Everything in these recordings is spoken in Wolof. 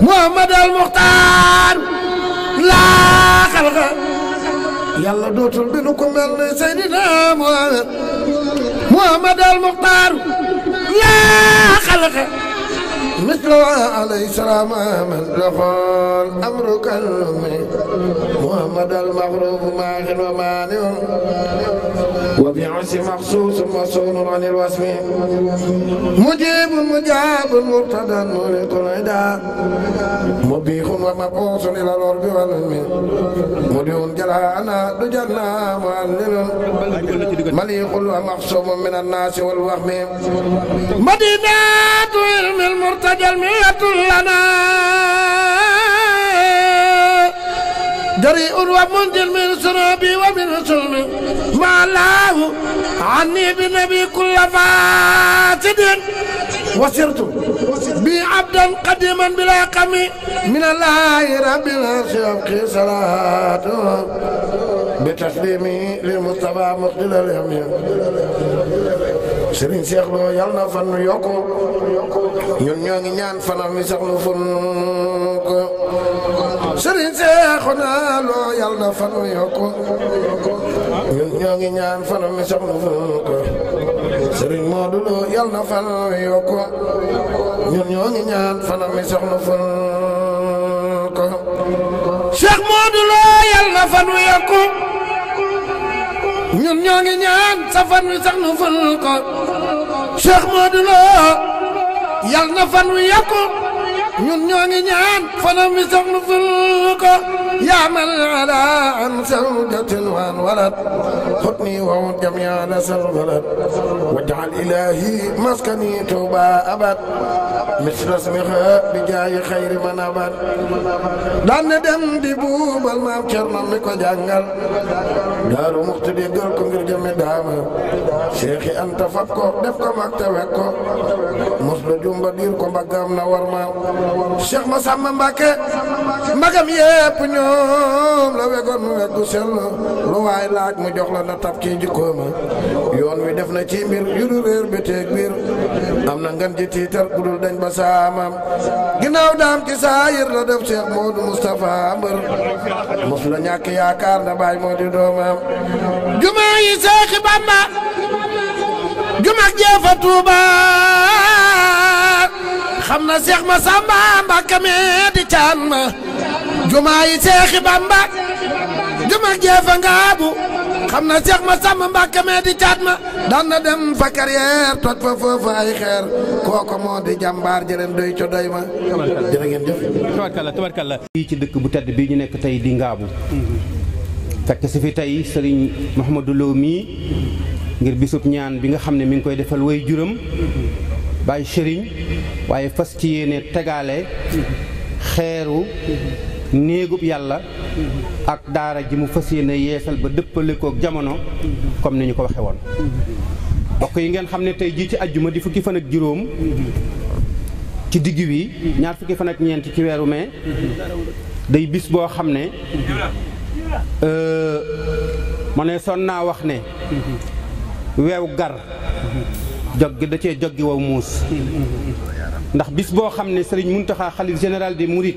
Muhammad al Muxtaar laa xalqa yàlla dootul binu ko mel ne Seydina Muhammad Muhammad al Muxtaar laa xalqa مثل عليه السلام من يقول أمر كلمي محمد المغروب ماخر ومانع وبعس مخصوص مصون عن الوسم مجيب مجاب مرتدى مريط العداء مبيخ ومبعوث إلى الأرض والمي مليون جلعنا دجلنا معلل مليخ ومخصوم من الناس والوهم مدينة علم المرتدى جمعية لنا دريء ومنزل من سرابي ومن سلمي ما الله عني بنبي كل فاسد وسرت بي عبدا قديما بلا قم من الله رب الشوق صلاته بتسليمي للمصطفى مقتل الهم Serigne Cheikh Lo yal na fan nu yokku ñun ñoo ngi ñaan fanam mi sax nu fun ko Serigne Cheikh na Lo yal na fan nu yokku ñun ñoo ngi ñaan fanam mi sax nu fun ko Serigne Modou Lo yal na fan nu yokku ñun ñoo ngi ñaan fanam mi sax nu fun ko Cheikh Modou Lo yal na fan nu yokku ñun ñoo ngi ñaan sa fan wi sax nu ful ko Cheikh Modou Lo yal na fan wi yàqu ñun ñoo ngi ñaan fanam bi soxlu ful ko yaamal ala an sardatin waan walat xutni waw jamiana sarfalat wajal ilahi maskani tuba abad mis rasmiha bi jaayi xayri man abad daan na dem di buubal maam cerno mi ko jàngal daaru muxtu di gër ko ngir jëmi daama seexi anta fab ko def ko mag te wek ko mos la jumba diir ko mbaggam na war maam Cheikh Massamba Mbacke mbagam yépp ñoom la wegoon mu weggu sell lu waay laaj mu jox la na tab ci jikkooma yoon wi def na ci mbir yu du réer am na ngeen ji tiitar gudul dañ ba saamam ginnaaw daam ci saayir la def Cheikh Modou Moustapha mbër mos la ñàkk yaakaar na moo di doomam jumaa yi Seexi Bamba jumaa jeefa Tuubaa am na seex ma sàmba mbàkke mi di caan ma jumaa yi seexi bamba juma jeefa ngaabu xam na seex ma sàmba mbàkke mi di caan ma daan na dem fa carrière toj fa foofu ay xeer kooko moo di jàmbaar jëleen doy co doy ma jërë ngeen jëf tabarkalla tabarkalla fii ci dëkk bu tedd bi ñu nekk tey di ngaabu fekk si fi tey sëriñ Mouhamadou Lo mii ngir bisub ñaan bi nga xam ne mi ngi koy defal way juram bàyyi sëriñ waaye fas ci yéene tegaale xeeru néegub yàlla ak daara ji mu fas yéene yeesal ba dëppalikook jamono comme ni ñu ko waxe woon mbokk yi ngeen xam ne tey jii ci ajjuma di fukki fan ak juróom ci digg wi ñaar fukki fan ak ñeent ci weeru mai day bis boo xam ne euh, ma ne son naa wax ne weew gar jog da cee joggi waw muus ndax bis boo xam ne sëriñ Muntaxa xalif général des Mourides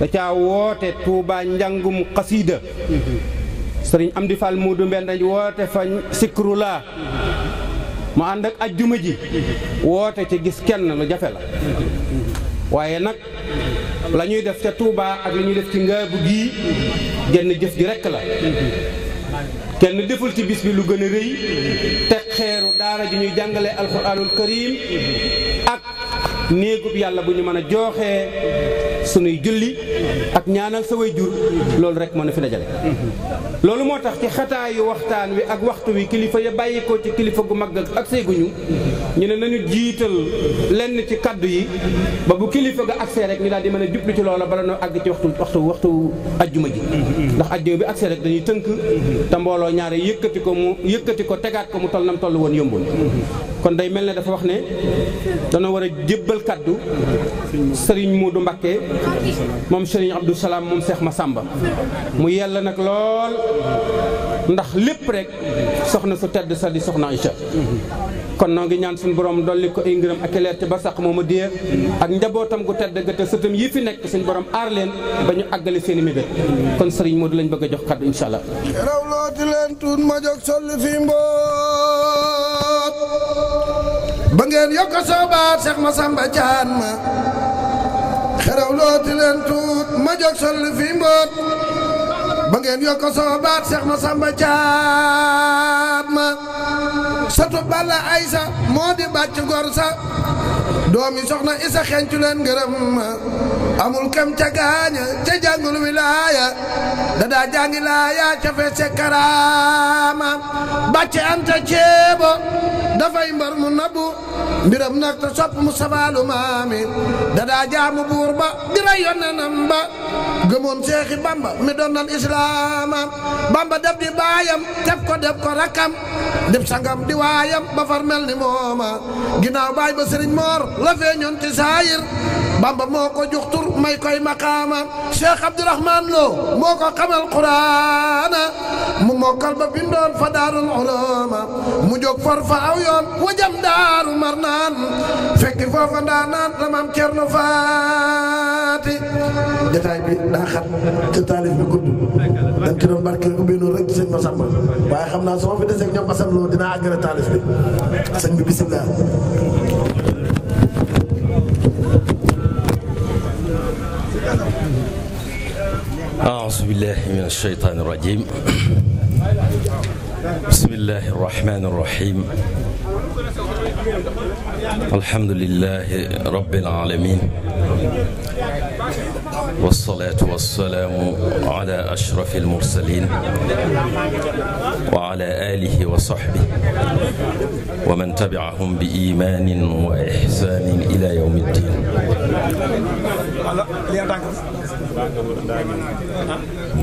da caa woote Touba njàngum xasiida sëriñ Amdi Fall Moodu Mbend woote fa sikru laa mu ànd ak ajjuma ji woote ci gis kenn lu jafe la waaye nag lañuy def ca Touba ak la ñuy def ci Ngaabu gii genn jëf ji rekk la kenn deful ci bis bi lu gën a rëy te xeeru daara ji ñuy jàngale alquranul karim ak néegub yàlla bu ñu mën a jooxee sunuy julli ak ñaanal sa way jur loolu rek moo a fi dajale loolu moo tax ci xataayu waxtaan wi ak waxtu wi kilifa ya bàyyi ko ci kilifa gu mag ak see guñu ñu ne nañu jiital lenn ci kàddu yi ba bu kilifa ga agsee rek ñu daal di mën a jublu ci loola bala noo àgg ci waxtu waxtu waxtu ajjuma ji ndax ajjuma bi agsee rek dañuy tënk te mbooloo ñaare yëkkati ko mu yëkkati ko tegaat ko mu toll nam toll woon yombul kon day jébbal kaddu Serigne Modou Mbacké moom Serigne Abdou Salam moom Cheikh Massamba mu yell nag lool ndax lépp rek soxna su tedd sa di soxna kon noo ngi ñaan suñu borom dolli ko ay ngërëm ak leer te ba sax mooma dee ak njabootam gu tedd gëtë sëtam yi fi nekk seen borom aar leen ba ñu àggale seen i mébét kon Serigne Modou lañ bëgg a jox kaddu incha raw looti leen tuut ma jóg solli fi mboot ba ngeen yokk soobaat Cheikh Massamba Thian ma xeraw looti tuut ma jóg sol fi mboot ba ngeen yokk soobaat Cheikh Massamba Thian ma satu balla aysa moo di bàcc gor doomi soxna isa xencu len amul kam ca gaña ca wilayah wilaya da daa jàngi ya ca feese am ta anta da fay mbar mu nabu mbiram nak ta sop mu sabalu maami da da jamu buur ba dira nam ba gemon cheikh bamba mi doon islam bamba def di bayam def ko def ko rakam def sangam di wayam ba far mel ni ba serigne mor la feeñoon ci sayir bamba moko jox tur may koy maqama cheikh abdourahman lo moko xamal qur'ana mu mokal ba bindon fa darul ulama mu jóg far fa aw yoon jam daaru marnan fekki foofa fa danan la mam cerno faati detaay bi da xat ci talif bi gudd da ci do barke ko noonu rek ci sëñ Masamba waaye xam naa soo fi deseeg ñoom lo dina àggale talif bi seigne bi bismillah أعوذ بالله من الشيطان الرجيم بسم الله الرحمن الرحيم الحمد لله رب العالمين والصلاة والسلام على أشرف المرسلين وعلى آله وصحبه ومن تبعهم بإيمان وإحسان إلى يوم الدين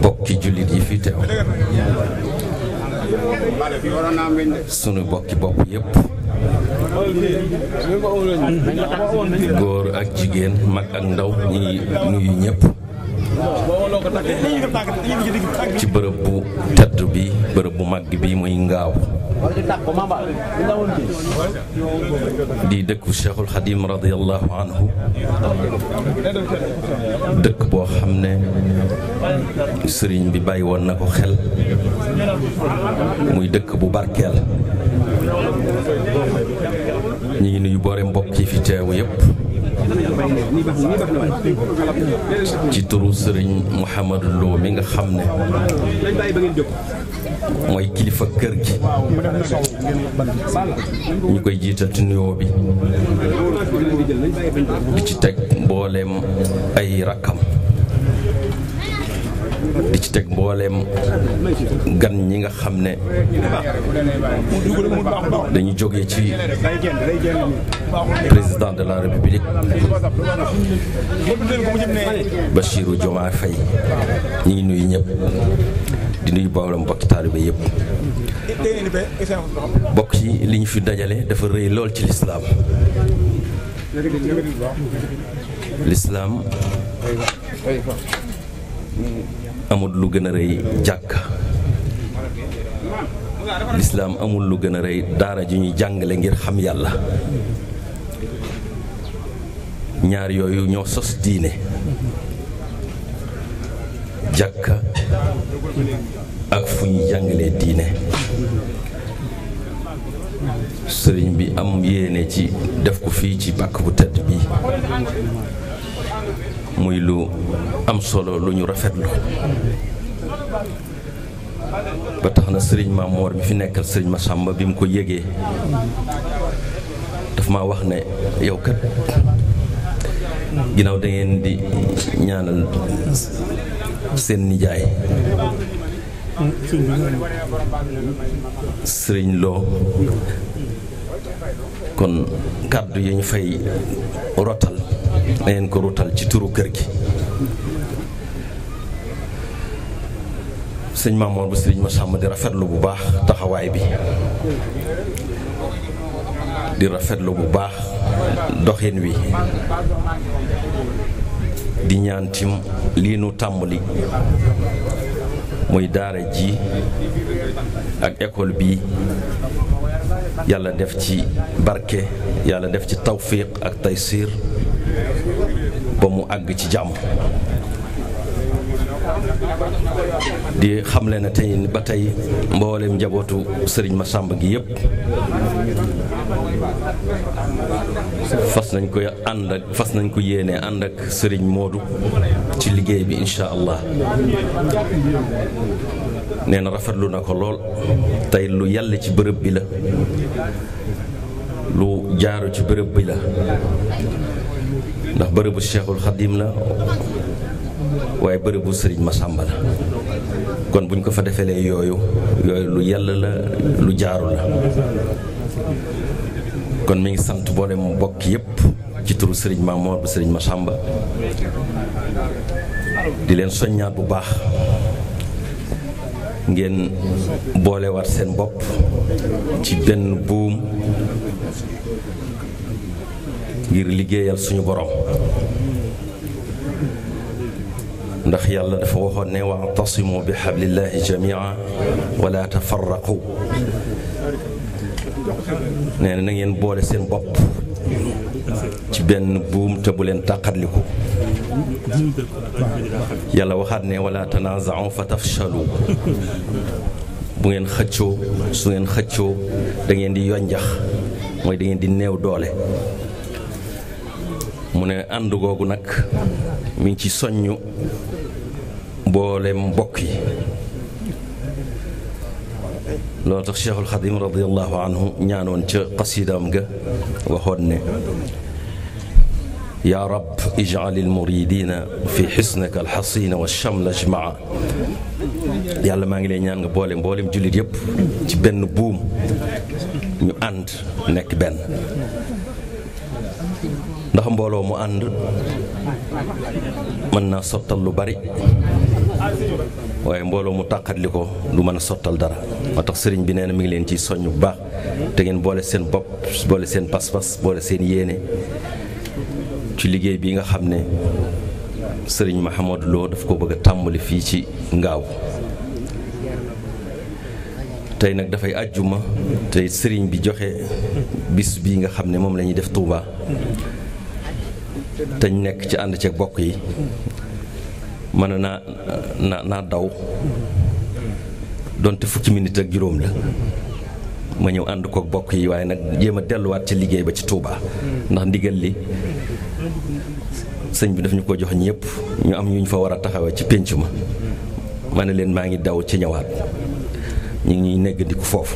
bokki jullit yi fi teew sunu bokki bopp yépp góor ak jigéen mag ak ndaw ñi nuyu ñépp ci bërëb bu tedd bi bërëb bu màgg bi muy ngaaw di dëkk bu Cheikhul Xadim radiallahu anhu dëkk boo xam ne sëriñ bi bàyyi woon na ko xel muy dëkk bu barkeel ñu ngi nuyu boore mbokk yi fi teew yépp ci turu sëriñ Mouhamadou Lo mi nga xam ne mooy kilifa kër gi ñu koy jiital ci nuyoo bi di ci teg mbooleem ay rakkam di ci teg mbooleem gan ñi nga xam ne dañu jóge ci président de la république Bassirou Diomaye Faye ñi ngi nuyu ñëpp nuy nuyu boolam mbokki taalibe yëpp bokk ci li ñu fi dajale dafa rëy lool ci lislaam lislaam amul lu gën a rëy jàkk lislaam amul lu gën a rëy daara ji ñuy jàngale ngir xam yàlla ñaar yooyu ñoo sos diine jàkka ak fu ñu jàngalee diine sëriñ bi am yéene ci def ko fii ci bàkk bu tedd bi muy lu am solo lu ñu rafetlu ba tax na sëriñ Mamoor mi fi nekkal sëriñ Massamba bi mu ko yégee daf ma wax ne yow kat ginnaaw dangeen di ñaanal seen nijaay sëriñ loo kon kàddu yi ñu fay rotal na ngeen ko ruutal ci turu kër gi sëñ Mamoor bu sëriñ Masamba di rafetlu bu baax taxawaay bi di rafetlu bu baax doxin wi di ñaantim lii nu tàmbali muy daara ji ak école bi yàlla def ci barke yàlla def ci tawfiq ak taysir ba mu àgg ci jàmm di xamle na tey ba tey mbooleem njabootu sëriñ ma Massamba gi yépp fas nañ ko ànd ak fas nañ ko yéene ànd ak sëriñ Moodu ci liggéey bi incha allah nee na rafetlu na ko lool tey lu yàlla ci bërëb bi la lu jaaru ci bërëb bi la ndax beureubu Cheikhul Khadim la waaye beureubu Serigne Massamba la kon buñ ko fa defele yoyu yoyu lu yalla la lu jaaru la kon mi ngi sante boole mu bokk yépp ci turu Serigne Mamour bu Serigne Massamba di len soñnaat bu baax ngeen wat sen bop ci ben boom ngir liggéeyal suñu borom ndax yàlla dafa waxoon ne tasimu bi hablillahi jamia wala tafarraqu nee na na ngeen boole seen bopp ci benn buum te bu leen tàqatliku yàlla waxaat ne wala tanaza'u fa tafshalu bu ngeen xëccoo su ngeen xëccoo da ngeen di yonjax mooy da ngeen di néew doole mu ne ànd googu nag mi ngi ci soññ mboolem mbokk yi loolu tax cheikhul xadim radiallahu anhu ñaanoon ca qasidaam ga waxoon ne yaa rab ijcal almuridina fi xisnaka alxasina walchamla jmaa yàlla maa ngi lay ñaan nga boole mboolem jullit yépp ci benn buum ñu ànd nekk benn ndax mbooloo mu ànd mën naa sottal lu bari waaye mbooloo mu tàqat li ko du mën a sottal dara moo tax sëriñ bi nee na mi ngi leen ciy soññ bu baax te ngeen boole seen bopp boole seen pas boole seen yéene ci liggéey bi nga xam ne sëriñ ma Lo daf ko bëgg a tàmbali fii ci ngaaw tey nag dafay àjjuma tey sëriñ bi joxe bis bi nga xam ne moom lañuy def Touba. te ñu nekk ci ànd ceeg bokk yi mën naa naa naa daw doonte fukki minit ak juróom la ma ñëw ànd kook bokk yi waaye nag jéem a delluwaat ci liggéey ba ci Touba ndax ndigal li sëñ bi daf ñu ko jox ñëpp ñu am ñu ñu fa war a taxawee ci pénc ma ma ne leen maa ngi daw ci ñëwaat ñu ngi neggandiku foofu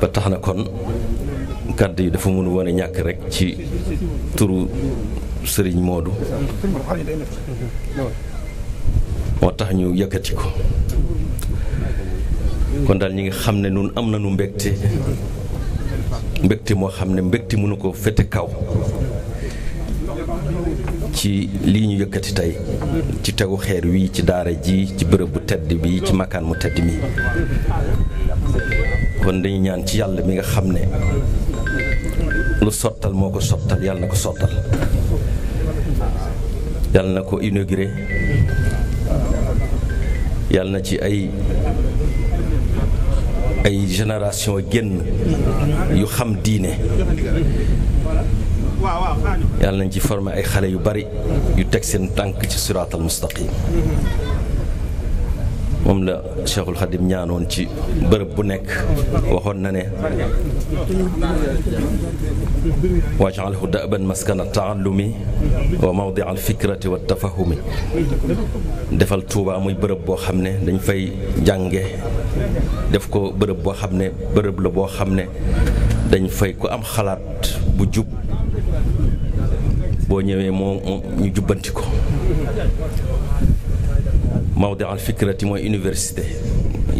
ba tax na kon kàddu yi dafa mën woon a ñàkk rek ci turu sëriñ moodu moo tax ñu yëkkati ko kon daal ñi nga xam ne nun am na nañu mbégte mbégte moo xam ne mbégte mënu ko fete kaw ci lii ñu yëkkati tey ci tegu xeer wi ci daara ji ci bërëb bu tedd bi ci makaan mu tedd mi kon dañu ñaan ci yàlla mi nga xam ne lu sottal moo ko sottal yàlla na ko sottal yal na ko inauguré yàlla na ci ay ay génération génn yu xam diine yàlla nañ ci forme ay xale yu bari yu teg seen tànk ci siraatal mustaqim moom la Cheikhul Khadim ñaanoon ci bërëb bu nekk waxoon na ne waj'alhu da'ban maskana ta'allumi wa mawdi' al-fikrati wa tafahumi defal Tuuba muy bërëb boo xam ne dañ fay jànge def ko bërëb boo xam ne bërëb la boo xam ne dañ fay ku am xalaat bu jub boo ñëwee moo ñu jubbanti ko mawdi al fikrati mooy université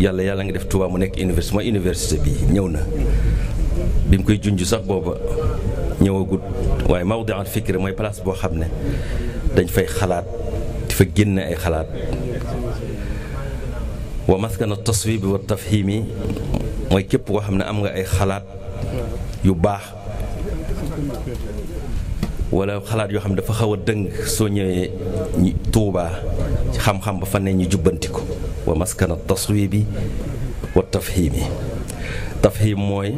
yàlla yàlla ngi def Touba mu nekk université mooy université bi ñëw na bi mu koy junj sax booba ñëwagut waaye mawdi al fikri mooy place boo xam ne dañ fay xalaat di fa génne ay xalaat wa maskana taswibi wa tafhimi mooy képp koo xam ne am nga ay xalaat yu baax wala xalaat yoo xam ne dafa xaw a dëng soo ñëwee tuubaa xam-xam ba fa ne ñu jubbanti ko wa maskana taswibi wa tafhimi tafhim mooy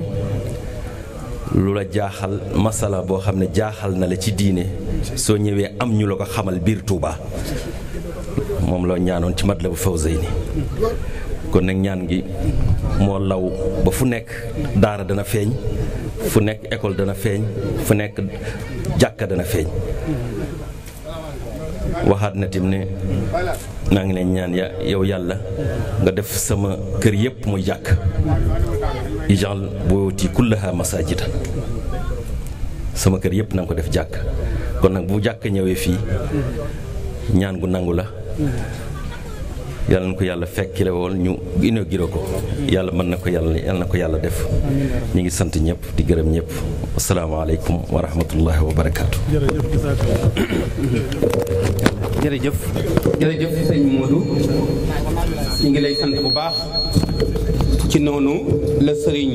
lu la jaaxal masala boo xam ne jaaxal na la ci diine soo ñëwee am ñu la ko xamal biir tuubaa moom la ñaanoon ci mat la Matlabu Fawzayni kon nag ñaan gi moo law ba fu nekk daara dana feeñ fu nekk ecole dana feeñ fu nekk jàkka dana feeñ waxaat na tim ne naa ngi leen ñaan yow yàlla nga def sama kër yépp muy jàkk ijal buyuti kullaha masajida sama kër yëpp na ko def jàkk kon nag bu jàkk ñëwee fii ñaan gu nangu la yàlla na ko yàlla fekkile woon ñu inauguré ko yàlla mën na ko yàlla yàlla na ko yàlla def ñu ngi sant ñëpp di gërëm ñëpp asalaamaaleykum wa rahmatullahi wa barakaatu jërëjëf jërëjëf sëñ Modou ñu ngi lay sant bu baax ci noonu la sëriñ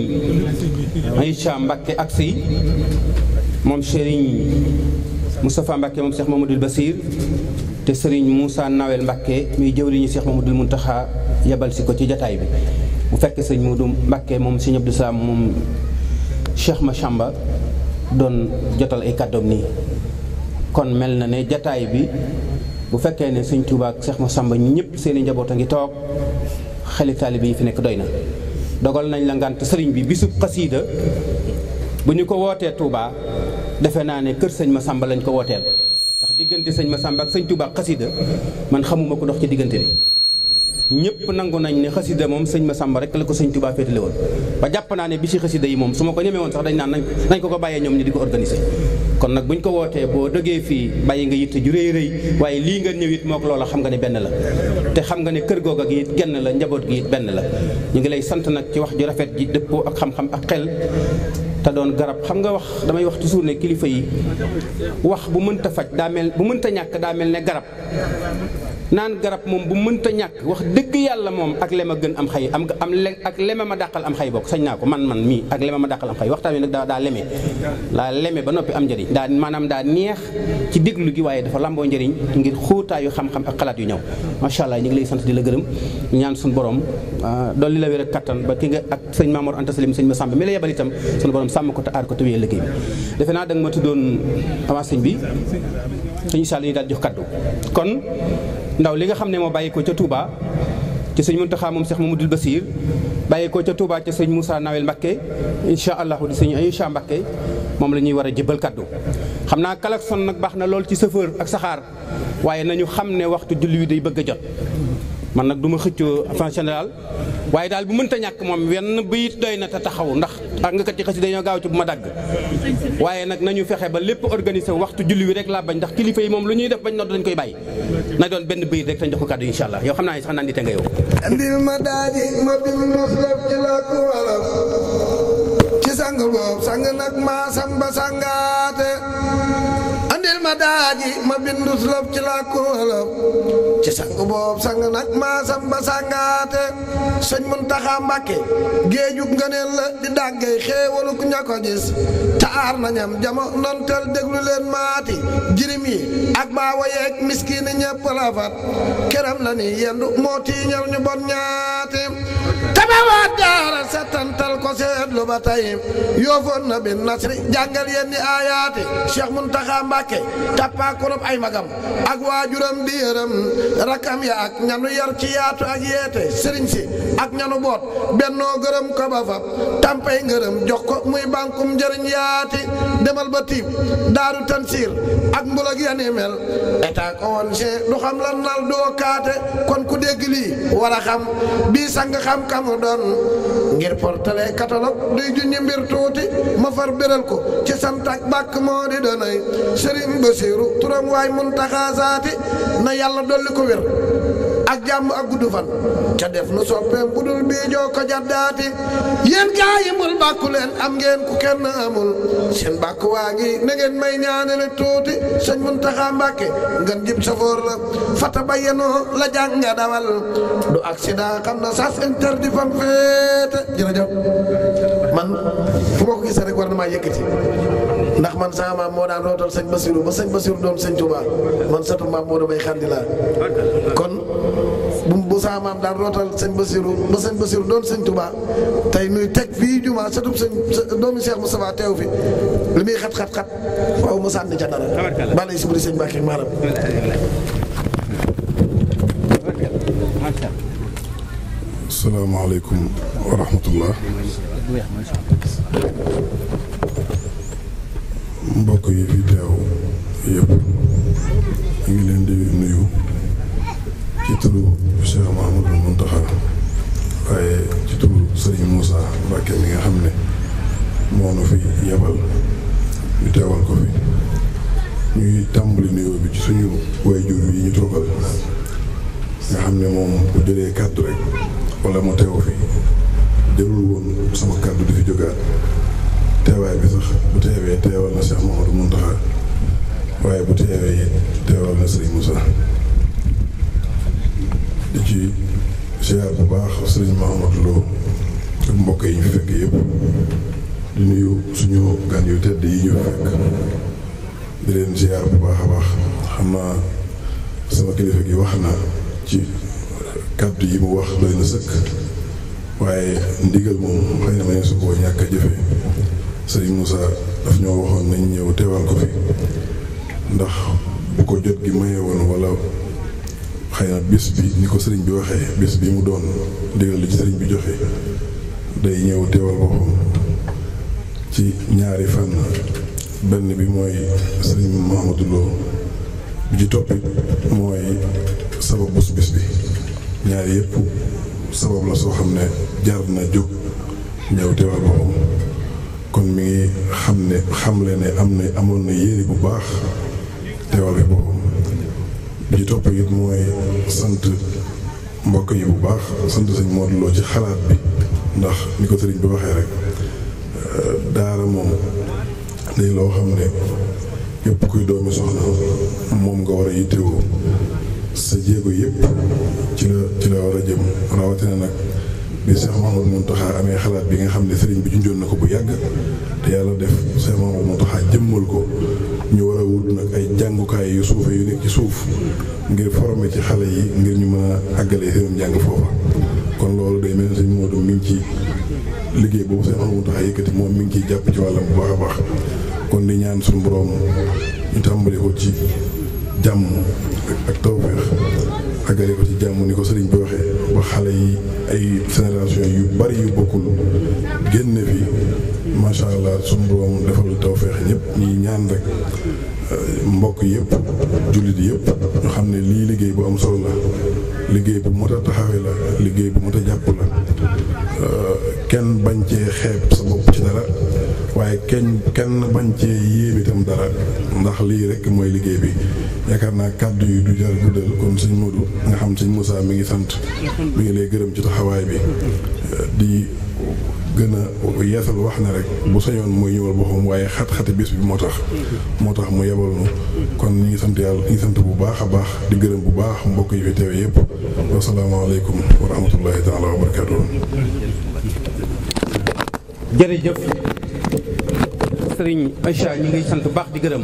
Aïcha Mbacké si moom sëriñ Moustapha Mbacké moom Cheikh Mamadou Bassir te sëriñ Moussa Nawel Mbacke muy seex ma jëwriñu Cheikh mu taxa yebal si ko ci jataay bi bu fekkee sëriñ Modou Mbacke moom sëriñ Abdou Salaam moom Cheikh Machamba doon jotal ay kàddoom nii kon mel na ne jataay bi bu fekkee ne sëñ Touba ak ma Massamba ñëpp seeni njaboot a ngi toog xeli taalibe yi fi nekk doy na dogal nañ la ngànt sëriñ bi bisub xasiida bu ñu ko wootee Touba defe naa ne kër sëñ ma Massamba lañ ko wooteel digënté sëñ Massamba ak sëñ Touba Khassida man xamuma ko dox ci digënté bi ñëpp nangu nañ ne Khassida mom sëñ Massamba rek la ko sëñ Touba fété woon ba japp na né bi ci Khassida yi mom suma ko ñëmé won sax dañ naan nañ ko ko bayé ñom ñu diko organiser kon nak buñ ko woté bo dëggé fi bayé nga yitt ju réy réy waaye li nga ñëw it mook xam nga né benn la té xam nga né kër googa gi it genn la njabot gi benn la ñu ngi lay sant nak ci wax ju rafet ji depp ak xam-xam ak xel te doon garab xam nga wax damay wax toujours ne kilifa yi wax bu mënta faj daa mel bu mënta ñàkk daa mel ne garab naan garab moom bu mënta ñàkk wax dëgg yàlla moom ak lema gën am xay am am ak lema ma dàqal am xay bokk sañ naa ko man man mii ak lema ma dàqal am xay waxtaan wi nag daa daa leme daa leme ba noppi am njëriñ daa maanaam daa neex ci déglu gi waaye dafa lamboo njëriñ ngir xóotaayu xam-xam ak xalaat yu ñëw macha allah ñu ngi lay sant di la gërëm ñaan suñu borom ah, dolli la wér ak kattan ba ki nga ak sëñ Mamoor Anta Salim sëñ ma sàmb mi la yebal itam suñu borom sàmm ko te aar ko te wéyee liggéey bi defe naa da nga ma tuddoon avance sëñ bi sëñ Sall yi daal jox kaddu kon ndaw li nga xam ne moo bàyyi ko ca Touba ci sëñ Muntaxa moom mu Mamadou Bassir bàyyi ko ca Touba ca sëñ Moussa Nawel Mbakke incha allahu di sëñ Aïcha Mbakke moom la ñuy war a jébbal kaddu. xam naa klaxon nag baax na lool ci chauffeur ak saxaar waaye nañu xam ne waxtu julli wi day bëgg a jot. man nak duma xëccu en général waye dal bu mënta ñak mom wenn bi doyna ta taxaw ndax ak nga kat yi xasi dañu gaaw ci buma dag waye nak nañu fexé ba lepp organiser waxtu julli wi rek la bañ ndax kilifa yi mom lu ñuy def bañ nodd dañ koy bay na doon benn bi rek te jox ko kàddu inshallah yow xamna naa sax naan dite nga yow ndil ma daaji ma bi bil muslaf ci la ko wolof ci sang boobu sang nag maa samba sangate ma daaji ma bindu sulaf ci làkku wolof ci sang boobu sang nag maa sam ba sangaate sëñ Muntaxa Mbàkke géejug ngëneel la di dàggay xéewalu ku ña ko gis taar jamo nontel déglu leen maati jirim yi ak baawa yeeg miskiini ñépp la fat la ni yendu moo tiiñal ñu bon ñaati tabawaat daara settantal ko seetlu ba tey yoofoon na bi nasri jàngal yenn di aayaati Cheikh Muntaxa Mbàkke tàppaakonob ay magam ak waajuram bi yërëm rakam ya ak ñanu yar ci yaatu ak yeete sëriñ ak ñanu boot bennoo gërëm ko ba fab tampay ngërëm jox ko muy bankum njëriñ yaati demal ba tiib daaru tansiir ak mbulog yani mel état woon si du xam lan nal doo kaate kon ku dégg lii war a xam bii sang xam kamu doon ngir portale catalogue duy junñi mbir tuuti ma far béral ko ci sant ak bàkk moo di doonay sëriñ sëriñ Basiiru turam waay Muntaxa Saati na yàlla dolli ko wér ak jàmm ak gudd fan ca def nu soppeem bu dul bii ko jaddaati yéen gaa yi mul am ngeen ku kenn amul seen bàkku waa ngi na ngeen may ñaanale tuuti sëñ Muntaxa Mbàkke ngeen jib safoor fata ba yenoo la nga dawal du accident xam na sas interdit fam féete jërëjëf man fu ma ko gisee rek war na maa yëkkati ndax man sama maam moo daan rootal sëñ Basiru ba sëñ Basiru doon sëñ Tuubaa man satu maam moo damay xandi kon bu sama maam daan rootal sëñ Basiru ba sëñ Basiru doon sëñ Tuubaa tey nuy teg fii jumaa satub sëñ doomu Cheikh teew fi li muy xat-xat-xat faaw ma sànni ca dara balay subri sëñ Mbàkke maaram asalaamaaleykum wa rahmatullah mbokk yi fi teew yëpp ñu ngi leen di nuyu ci turu Cheikh Mahamadou Muntaxa waaye ci turu sëriñ Moussa mi nga xam ne moo fi yebal ñu teewal ko fi ñuy tàmbali nuyoo bi ci suñu waajur yi ñu nga xam ne moom bu jëlee kàddu rek wala mu teew fi jërul woon sama kàddu di fi jógaat teewaay bi sax bu teewee teewal na Cheikh Mamadou Mountakha waaye bu teewee it teewal na Serigne Moussa di ci ziar bu baax Serigne Mahamadou mbokk yi ñu fekk suñu gan yu leen ziar bu baax a baax xam naa sama kilifa gi wax na ci kàddu yi mu wax doy na sëkk waaye ndigal moom xëy na ma su koo ñàkk a jëfee sëriñ Moussa daf ñoo waxoon nañ ñëw teewal ko fi ndax bu ko jot gi maye woon wala xëy na bis bi ni ko sëriñ bi waxee bis bi mu doon ndigal li ci sëriñ bi joxe day ñëw teewal boppam ci ñaari fànn benn bi mooy sëriñ Mahamadou Lo bi ci toppit mooy sabab bis bi ñaari yëpp sabab la soo xam ne jaar na jóg ñëw teewal boppam kon mi ngi xam ne xam le ne am na amoon na yéene bu baax teewale boobu bi topp it mooy sant mbokk yi bu baax sant sëñ Modou Lo ci xalaat bi ndax ni ko sëriñ bi waxee rek euh, daara moom day loo xam ne yëpp kuy doomi soxna moom nga war a yittewoo sa jéego yëpp ci la ci la war a jëm rawatina nag bi Cheikh Mamadou Mountakha amee xalaat bi nga xam ne sëriñ bi junjoon na ko bu yàgg te yàlla def Cheikh Mamadou taxaa jëmmal ko ñu war a wut nag ay jàngukaay yu suufe yu nekk ci suuf ngir former ci xale yi ngir ñu mën a àggale seenum jàng foofa kon loolu day mel ne sëñ Modou mi ngi ci liggéey boobu Cheikh Mamadou Mountakha yëkkati moom mi ngi ciy jàpp ci wàlla bu baax a baax kon di ñaan suñu borom ñu tàmbali ko ci jàmm ak tawfeex àggale ko ci jàmm ko sëriñ bi waxee ba xale yi ay génération yu bari yu bokkul génne fi macha allah suñu borom defal tawféex ñëpp ñuy ñaan rek euh, mbokk yëpp jullit yëpp ñu xam ne lii liggéey bu am solo la liggéey bu mot a taxawee la liggéey bu mot a jàpp la euh, kenn bañ cee xeeb sa bopp ci dara. waaye kenn kenn bañ cee yéem itam dara ndax lii rek mooy liggéey bi yaakaar naa kàddu yi du jar guddal kon sëñ Modou nga xam sëñ Moussa mi ngi sant mi ngi lay gërëm ci taxawaay bi di gën a yeesal wax na rek bu sañoon mooy ñëwal boppam waaye xat-xati bis bi moo tax moo tax mu yebal nu kon ñi ngi sant yàlla ñi ngi sant bu baax a baax di gërëm bu baax mbokk yi fi teew yëpp wasalaamaaleykum wa rahmatullahi taala wa barakatuh jërëjëf sëriñ Aïcha ñi ngiy sant baax di gërëm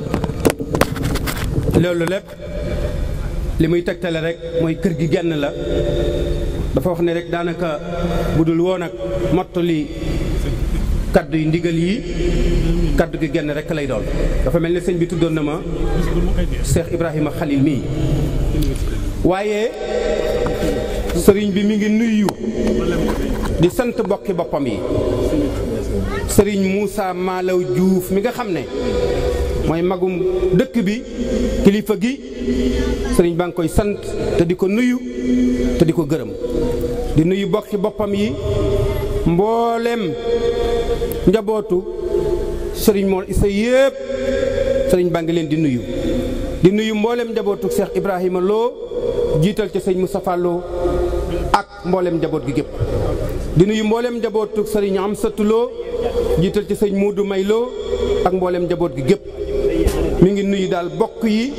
loolu lépp li muy tegtale rek mooy kër gi genn la dafa wax ne rek daanaka bu dul woon ak mottali kaddu yi ndigal yi kàddu gi genn rek lay doon dafa mel ne sëñ bi tuddoon na ma Cheikh Ibrahima Khalil mii waaye sëriñ bi mu ngi nuyu di sant bokki boppam yi sëriñ Moussa Malaw Diouf mi nga xam ne mooy magum dëkk bi kilifa gi sëriñ baa ngi koy sant te di ko nuyu te di ko gërëm di nuyu bokki boppam yi mboolem njabootu sëriñ Mor Issa yëpp sëriñ baa ngi leen di nuyu di nuyu mboolem njabootu Cheikh Ibrahima Lo jiital ca sëñ Moustapha Lo ak mboolem njaboot gi gépp di nuyu mbooleem njabootu sëriñ Amsatou Lo jiital ci du may Mayloo ak mboolem njaboot gi gépp mi ngi nuyu daal bokk yi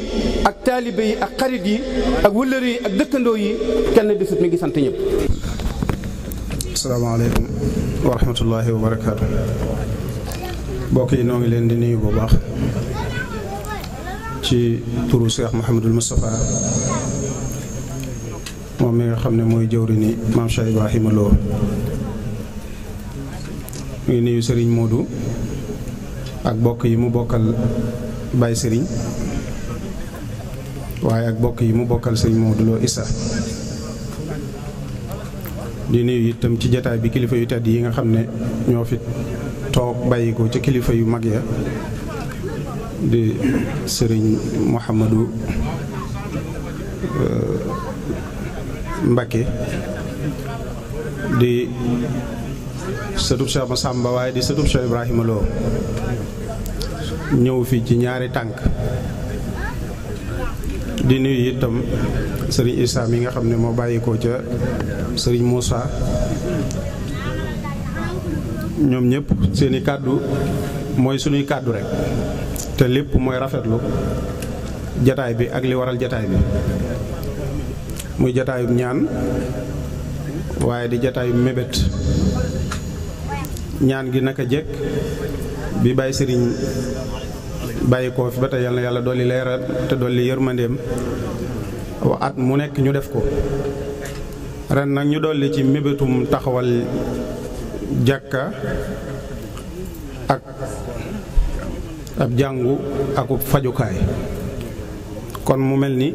ak taalibe yi ak xarit yi ak wëllëre yi ak dëkkandoo yi kenn desut mi ngi ñépp ñëpp. asalaamaaleykum wa rahmatullahi wa mbokk yi noo ngi leen di nuyu bu baax ci pour turu mu Mouhamadul Moustapha moom mi nga xam ne mooy jëwri ni maam Cheikh Ibrahima Lo ñu ngi nuyu sëriñ Modou ak bokk yi mu bokkal Baye sëriñ waaye ak bokk yi mu bokkal sëriñ Modou Lo Issa di nuyu itam ci jataay bi kilifa yu tedd yi nga xam ne ñoo fi toog bàyyi ko ca kilifa yu mag ya di sëriñ Mouhamadou euh, mbaki di sëtub Cheikh masamba way di sëtub Cheikh Ibrahima Lo ñëw fi ci ñaari tank di nuyu itam serigne isa mi nga xamne ne bayiko bàyyikoo ca sëriñ Moussa ñom ñëpp seeni kaddu moy suñu kaddu rek te lepp moy rafetlu jotaay bi ak li waral jotaay bi muy jataayub ñaan waye di jataayub mebet ñaan gi naka jek bi bay serigne baye koo fi bata yalla yalla doli leral te doli yermandem wa at mu nek ñu def ko ren nak ñu doli ci mébétum taxawal jakka ak ab jàngu akub fajukaay kon mu melni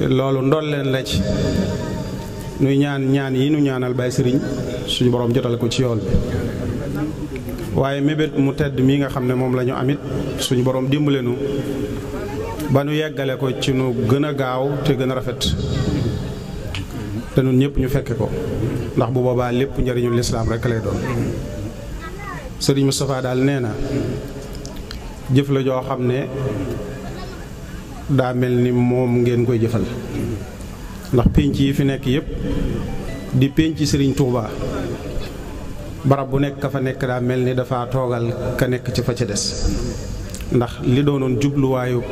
ni ndol len la ci nuy ñaan ñaan yi nu ñaanal bay serigne suñu borom jotale ko ci yoon waaye mébét mu tedd mii nga xam ne moom la ñu amit suñu boroom dimbale nu ba nu yeggale ko ci nu gën a gaaw te gën a rafet te nun ñëpp ñu fekke ko ndax bu boobaa lépp njariñu lislaam rekk lay doon sëriñ Moustapha daal nee na jëf joo xam ne daa mel ni moom ngeen koy jëfal ndax pénc yi fi nekk yëpp di pénc sëriñ Touba barab bu nekk ka fa nekk daa mel ni dafa toogal ka nekk ci fa ca des ndax li doonoon jubluwaayu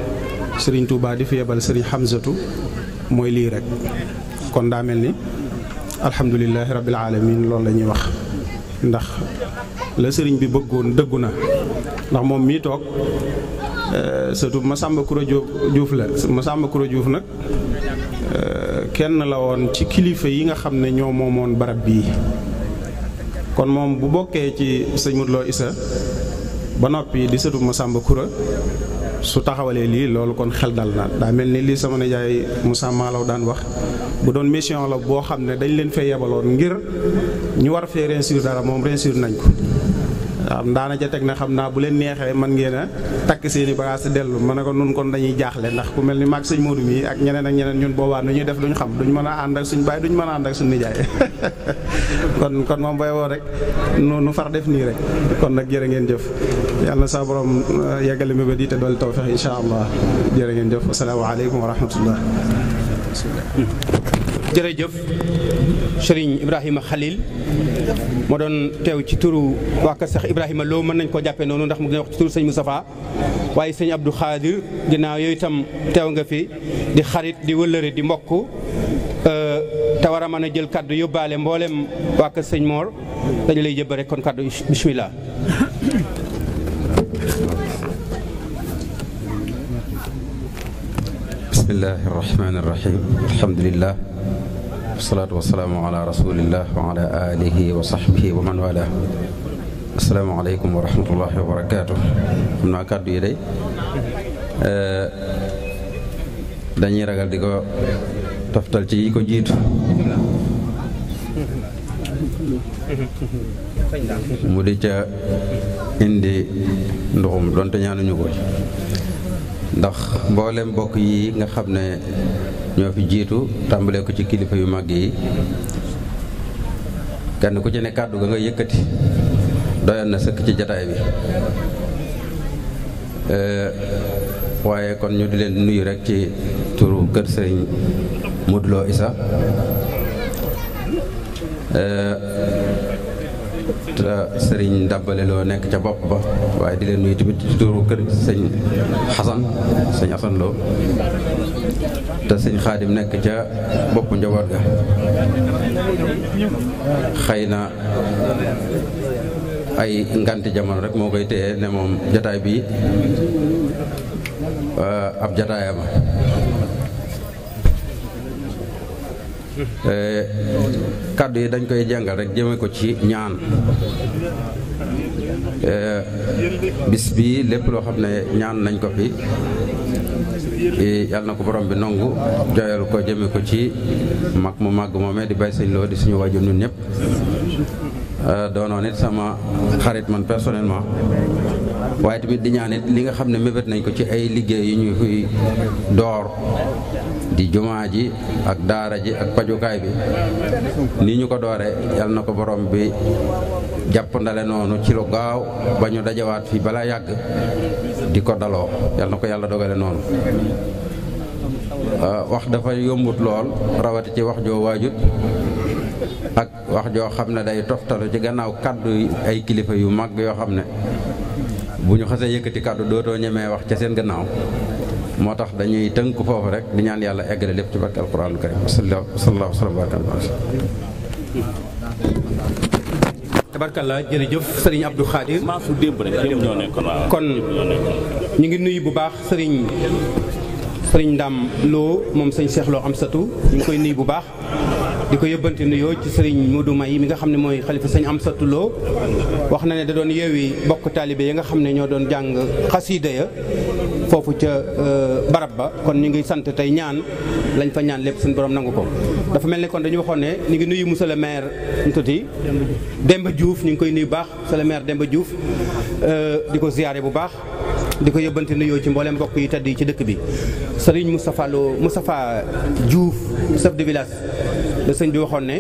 sëriñ Touba di fi yebal sëriñ Hamzatu mooy lii rek kon daa mel ni alhamdulilahi rabbil alamin loolu la ñuy wax ndax la sëriñ bi bëggoon dëggu na ndax moom mii toog euh, surtout Masamba Kura Juuf la Masamba Kura Juuf nag euh, kenn la woon ci kilifa yi nga xam ne ñoo moomoon barab bii kon moom bu bokkee ci sëñ Modou Lo ba noppi di ma Masamba Kura su taxawalee lii loolu kon xel dal na daa mel ni lii sama nijaay Moussa Malaw daan wax bu doon mission la boo xam ne dañ leen fee yebaloon ngir ñu war fee réussir dara moom réussir nañ ko waa ndaana ja teg na xam naa bu leen neexee man ngeen a takk seen i bagages dellu ma ne ko nun kon dañuy jaaxle ndax ku mel ni maak sëñ Modou mi ak ñeneen ak ñeneen ñun boobaa nu ñuy def duñ xam duñ mën a ànd ak suñ baay duñ mën a ànd ak suñ nijaay kon kon moom booy woo rek nu far def nii rek kon nag jërë ngeen jëf yàlla na sa borom euh, yàggale mi ba di te dool tawfeex incha allah jërë ngeen jëf asalaamaaleykum wa rahmatullah jërëjëf Serigne Ibrahima Khalil ma doon teew ci turu waa Kër Cheikh Ibrahima Lo mën nañ koo jàppee noonu ndax mu ngi wax ci turu sëñ Moustapha waaye sëñ Abdou Khadir ginnaaw yooyu itam teew nga fi di xarit di wëllëre di mbokk te war a jël kaddu yóbbaale mboolem waa Kër sëñ Mor dañu lay jëbba rek kon kaddu bismillah bismillahi rahmaani rahim alhamdulillah wasalaatu wasalaamu ala rasulillah wa ala alihi wa sahbihi wa man wala asalaamaaleykum wa rahmatullahi wa barakaatu xam naa kàddu yi day eh, dañuy ragal di ko toftal ci yi ko jiitu mu di ca indi ndoxum donte ñaanuñu ko ndax mboolem mbokk yi nga xam ne ñoo fi jiitu tàmbalee ko ci kilifa yu mag yi kenn ku ci ne kàddu ga nga yëkkati doyoon na sëkk ci jataay bi eh, waaye kon ñu di leen nuyu rek ci turu kër sëriñ Modou Lo Issa eh, sëriñ euh, dàbbale loo nekk ca bopp ba waaye di leen nuyu tamit ci turu kër sañ Xasan sëñ asanloo te sëñ Xaadim nekk ca bopp njaboot ga xëy na ay nganti jamono rek moo koy téye ne moom jataay bi euh, ab jataayama Eh, kàddu yi dañ koy jàngal rek jëme ko ci ñaan eh, bis bi lépp loo xam ne ñaan nañ ko fi eh, yàlla na ko borom bi nangu jooyal ko jëme ko ci mag mu màgg moomee di bay sëñ loo di suñu waajur ñun ñëpp doonoon it sama xarit man personnellement waaye tamit di ñaan li nga xam ne mébét nañ ko ci ay liggéey yu ñu fiy door di jumaa ji ak daara ji ak pajukaay bi ni ñu ko doore yal na ko borom bi jàppandale noonu ci lu gaaw ba ñu dajawaat fii balaa yàgg di ko daloo yal na ko yàlla dogale noonu ah, wax dafa yombut lool rawati ci wax joo waajut ak wax joo xam ne day toftalu ci gannaaw kàddu ay kilifa yu mag yoo xam ne bu ñu xasee yëkkati kàddu dootoo ñemee wax ca seen gannaaw moo tax dañuy tënk foofu rek di ñaan yàlla eggale lépp ci barke alquraanul karim sallallahu sallam tabarkalla jërëjëf sëriñ Abdou Khadir kon ñu ngi nuyu bu baax sëriñ sëriñ Ndam loo moom sëñ Cheikh Lo Amsatou ñu ngi koy nuyu bu baax di ko yóbbante nuyoo ci sëriñ du May mi nga xam ne mooy xalifa sëñ Amsatou Lo wax na ne da doon yeewi bokk taalibe yi nga xam ne ñoo doon jàng xasiida ya foofu ca euh, barab ba kon ñu ngi sant tey ñaan lañ fa ñaan lépp suñu borom nangu ko dafa mel ne kon dañu waxoon ne ñu ngi nuyu monsieur le maire ñu tuti Demba Diouf ñu ngi koy nuyu baax monsieur le maire Demba euh, di ko ziyaare bu baax di ko yóbbante nuyoo ci mboolem mbokk yi tedd yi ci dëkk bi sëriñ Moustapha Lo Moustapha Diouf chef de village la sëñ bi waxoon ne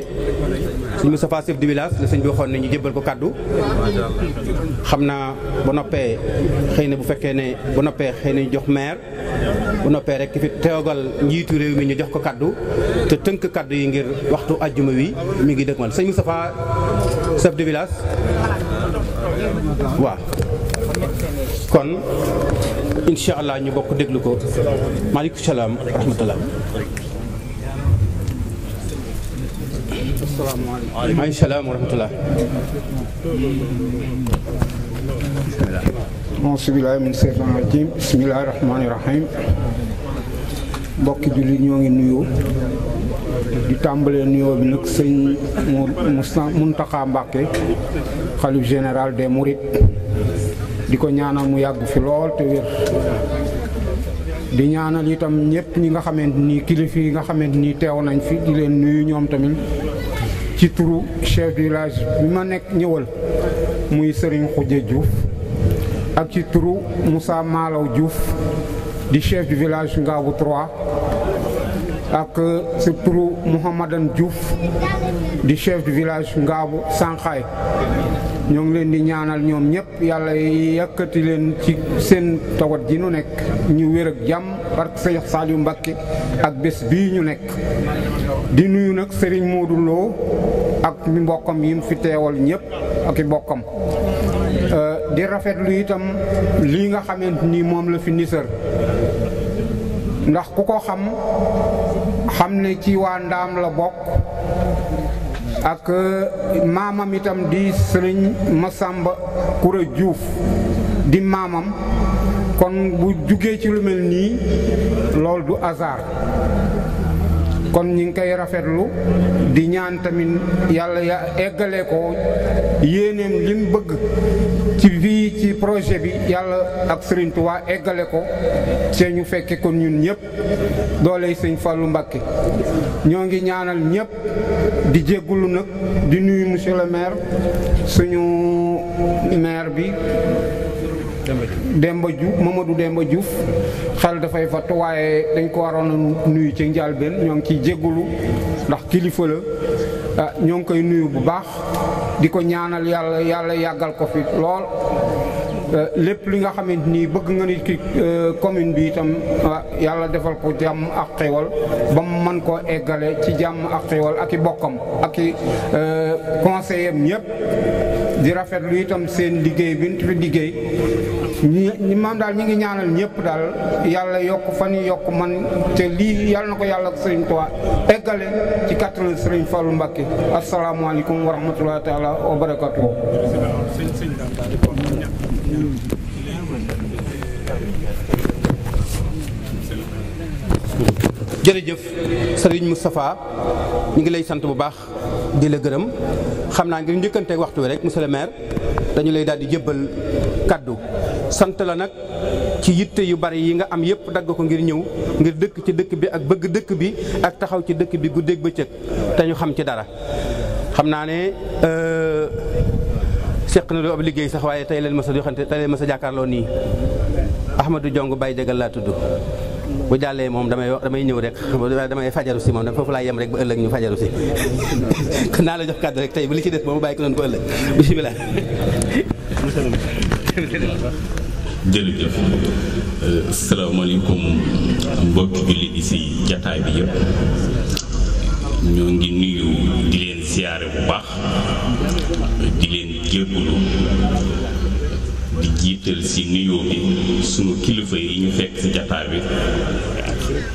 sëñ Moustapha chef de sëñ bi waxoon ne ñu jébbal ko kàddu xam naa ba noppee xëy na bu fekkee ne ba noppee xëy na ñu jox maire ba noppee rek ki fi teewagal njiitu réew mi ñu jox ko kàddu te tënk kàddu yi ngir waxtu ajjuma wi mu ngi dëgmal sëñ Moustapha chef de village waaw kon incha allah ñu bokk déglu ko maaleykum salaam rahmatullah maaleykum salaam wa rahmatullah auzu billaahi min seytaan rajiim rahmaani rahiim mbokki jullit ñoo ngi nuyoo di tàmbalee nuyoo bi nag sëñ Muntaxa Mbàkke xalif général des Mourides di ko ñaanal mu yàgg fi lool te wér di ñaanal itam ñëpp ñi nga xamante ni kilifa yi nga xamante ni teew nañ fi di leen nuyu ñoom tamit ci turu chef du village bi ma nekk ñëwal muy Serigne Khoudia Diouf ak ci turu Moussa Malaw Diouf di chef du village Ngabou 3 ak surtout Mouhamadan Diouf di chef du village Ngaabu Sanxaay ñoo ngi leen di ñaanal ñoom ñëpp yàlla yàkkati leen ci seen tawat ji nu nekk ñu wér ak jàmm barke Seex Saaliu Mbàkke ak bés bii ñu nekk di nuyu nag sëriñ mooduloo ak mbokkam yi mu fi teewal ñëpp ak i mbokkam euh, di rafetlu itam lii nga xamante ni moom la fi nisër ndax ku ko xam xam ne ci waa ndaam la bokk ak eh, maamam itam di sëriñ sàmba Kura Juuf di maamam kon bu jugee ci lu mel nii loolu du hasard kon ñi ngi koy rafetlu di ñaan tamit yàlla ya eggale ko yéeneem lim bëgg ci ci projet bi yàlla ak Serigne Touba eggale ko te ñu fekke kon ñun ñëpp dooley sëñ falu Mbacké ñoo ngi ñaanal ñëpp di jéggulu nag di nuyu monsieur le maire suñu maire bi Demba Diouf Mamadou Demba Diouf xel dafay fatt waaye dañ ko waroon a nuyu ci njàlbeen ñoo ngi ciy jéggulu ndax kilifa la Ah, ñoo ngi koy nuyu bu baax di ko ñaanal yàlla yàlla yàggal ko fi lool Euh, lépp li nga xamante ni bëgg nga nit ki euh, commune bi itam ah, yàlla defal ko jàmm ak xéwal ba mu man ko eggale ci jàmm ak xéwal ak i bokkam ak i euh, conseiller am ñëpp di rafetlu itam seen liggéey bi fi liggéey ñi maam daal ñu ngi ñaanal ñëpp daal yàlla yokk fan yi yokk man te lii yàlla na ko yàlla ak sëriñ Tuubaa eggale ci kattanu sëriñ falu Mbacké asalaamaaleykum wa rahmatullahi taala wa barakatuh jërëjëf sëriñ Moustapha ñu ngi lay sant bu baax di la gërëm xam naa ngir njëkkante waxtu wi rekk monsieur le dañu lay daal di jébbal kàddu sant la nag ci yitte yu bari yi nga am yëpp dagg ko ngir ñëw ngir dëkk ci dëkk bi ak bëgg dëkk bi ak taxaw ci dëkk bi guddeeg bëccëg te ñu xam ci dara xam naa ne. Euh, seq na lu ab sax waaye tey leen ma sa joxante tey leen ma sa jàkkaarloo nii Ahmadou Jong Baye Jagal laa tudd bu jàllee moom damay damay ñëw rek damay fajaru si moom da foofu laa yem rek ba ëllëg ñu fajaru si naa la jox kàddu rek tey bu li ci des moom bàyyi ko noonu ba ëllëg bisimilah euh, si jataay bi yëpp ñoo ngi nuyu di siyaare bu baax di jéggulu di jiital si nuyoo bi sunu kilifa yi ñu fekk ci jataay bi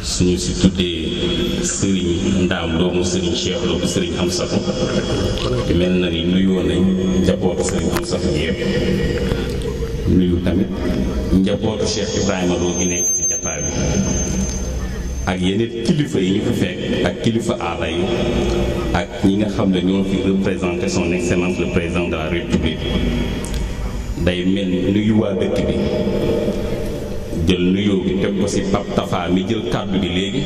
suñu si tuddee sëriñ ndaam doomu sëriñ Cheikh Lo bu sëriñ Amsatu mel na ni nuyoo nañ njabootu sëriñ Amsatu yëpp nuyu tamit njabootu Cheikh Ibrahima Lo gi nekk ak kilifa yi ñu fekk ak kilifa ala yi ak ñi nga xam ñoo fi son excellence le président de la république day mel nuyu waa dëkk jël nuyoo bi Tafa mi jël kàddu bi léegi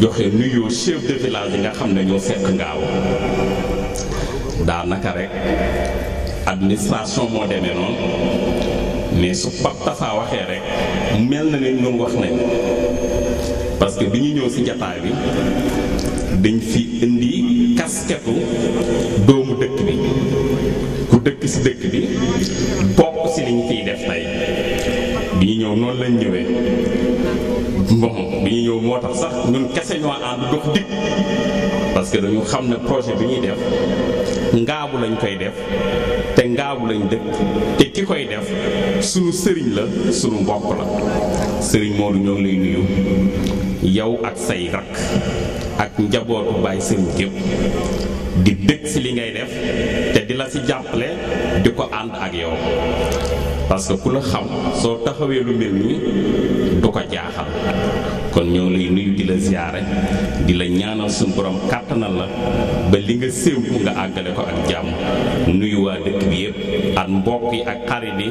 joxe nuyoo chef de village nga xam ñoo fekk ngaaw daanaka rek administration moo demee mais su Pape Tafa waxee rek mel na ne ñoom wax nañ parce que bi ñu ñëw si jataay bi dañ fi indi kasketu doomu dëkk bi ku dëkk si dëkk bi bokk ci liñ fiy def tey bi ñu ñëw noonu lañ ñëwee bon bi ñu ñëw moo tax sax ñun kese ñoo ànd dox dikk parce que dañu xam ne projet bi ñuy def ngaabu lañ koy def te ngaabu lañ dëkk te ki koy def sunu sëriñ la sunu mbokk la sëriñ Modou ñoo lay nuyu yow ak say rakk ak njabootu bàyyi sëriñ gépp di dëkk ci li ngay def te di la ci jàppale di ko ànd ak yow parce que ku la xam soo taxawee lu mel nii du ko jaaxal kon ñoo lay nuyu la ziyaare di la ñaanal suñu borom kàttanal la ba li nga séentu nga àggale ko ak jàmm nuyu waa dëkk bi yëpp ak mbokk yi ak xarit yi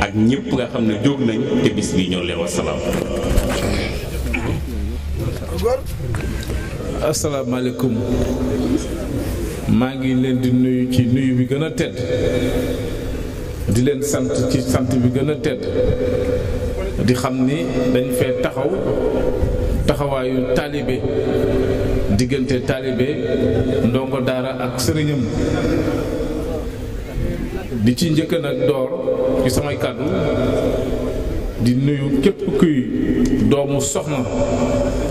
ak ñépp nga xam ne jóg nañ te bis bi ñoo leen wasalaam. asalaamaaleykum maa ngi leen di nuyu ci nuyu bi gën a tedd di leen sant ci sant bi gën a tedd di xam ni dañ fee taxaw. taxawaayu taalibe diggante taalibe ndongo daara ak sëriñam di ci njëkk nag door ci samay kàddu di nuyu képp kuy doomu soxna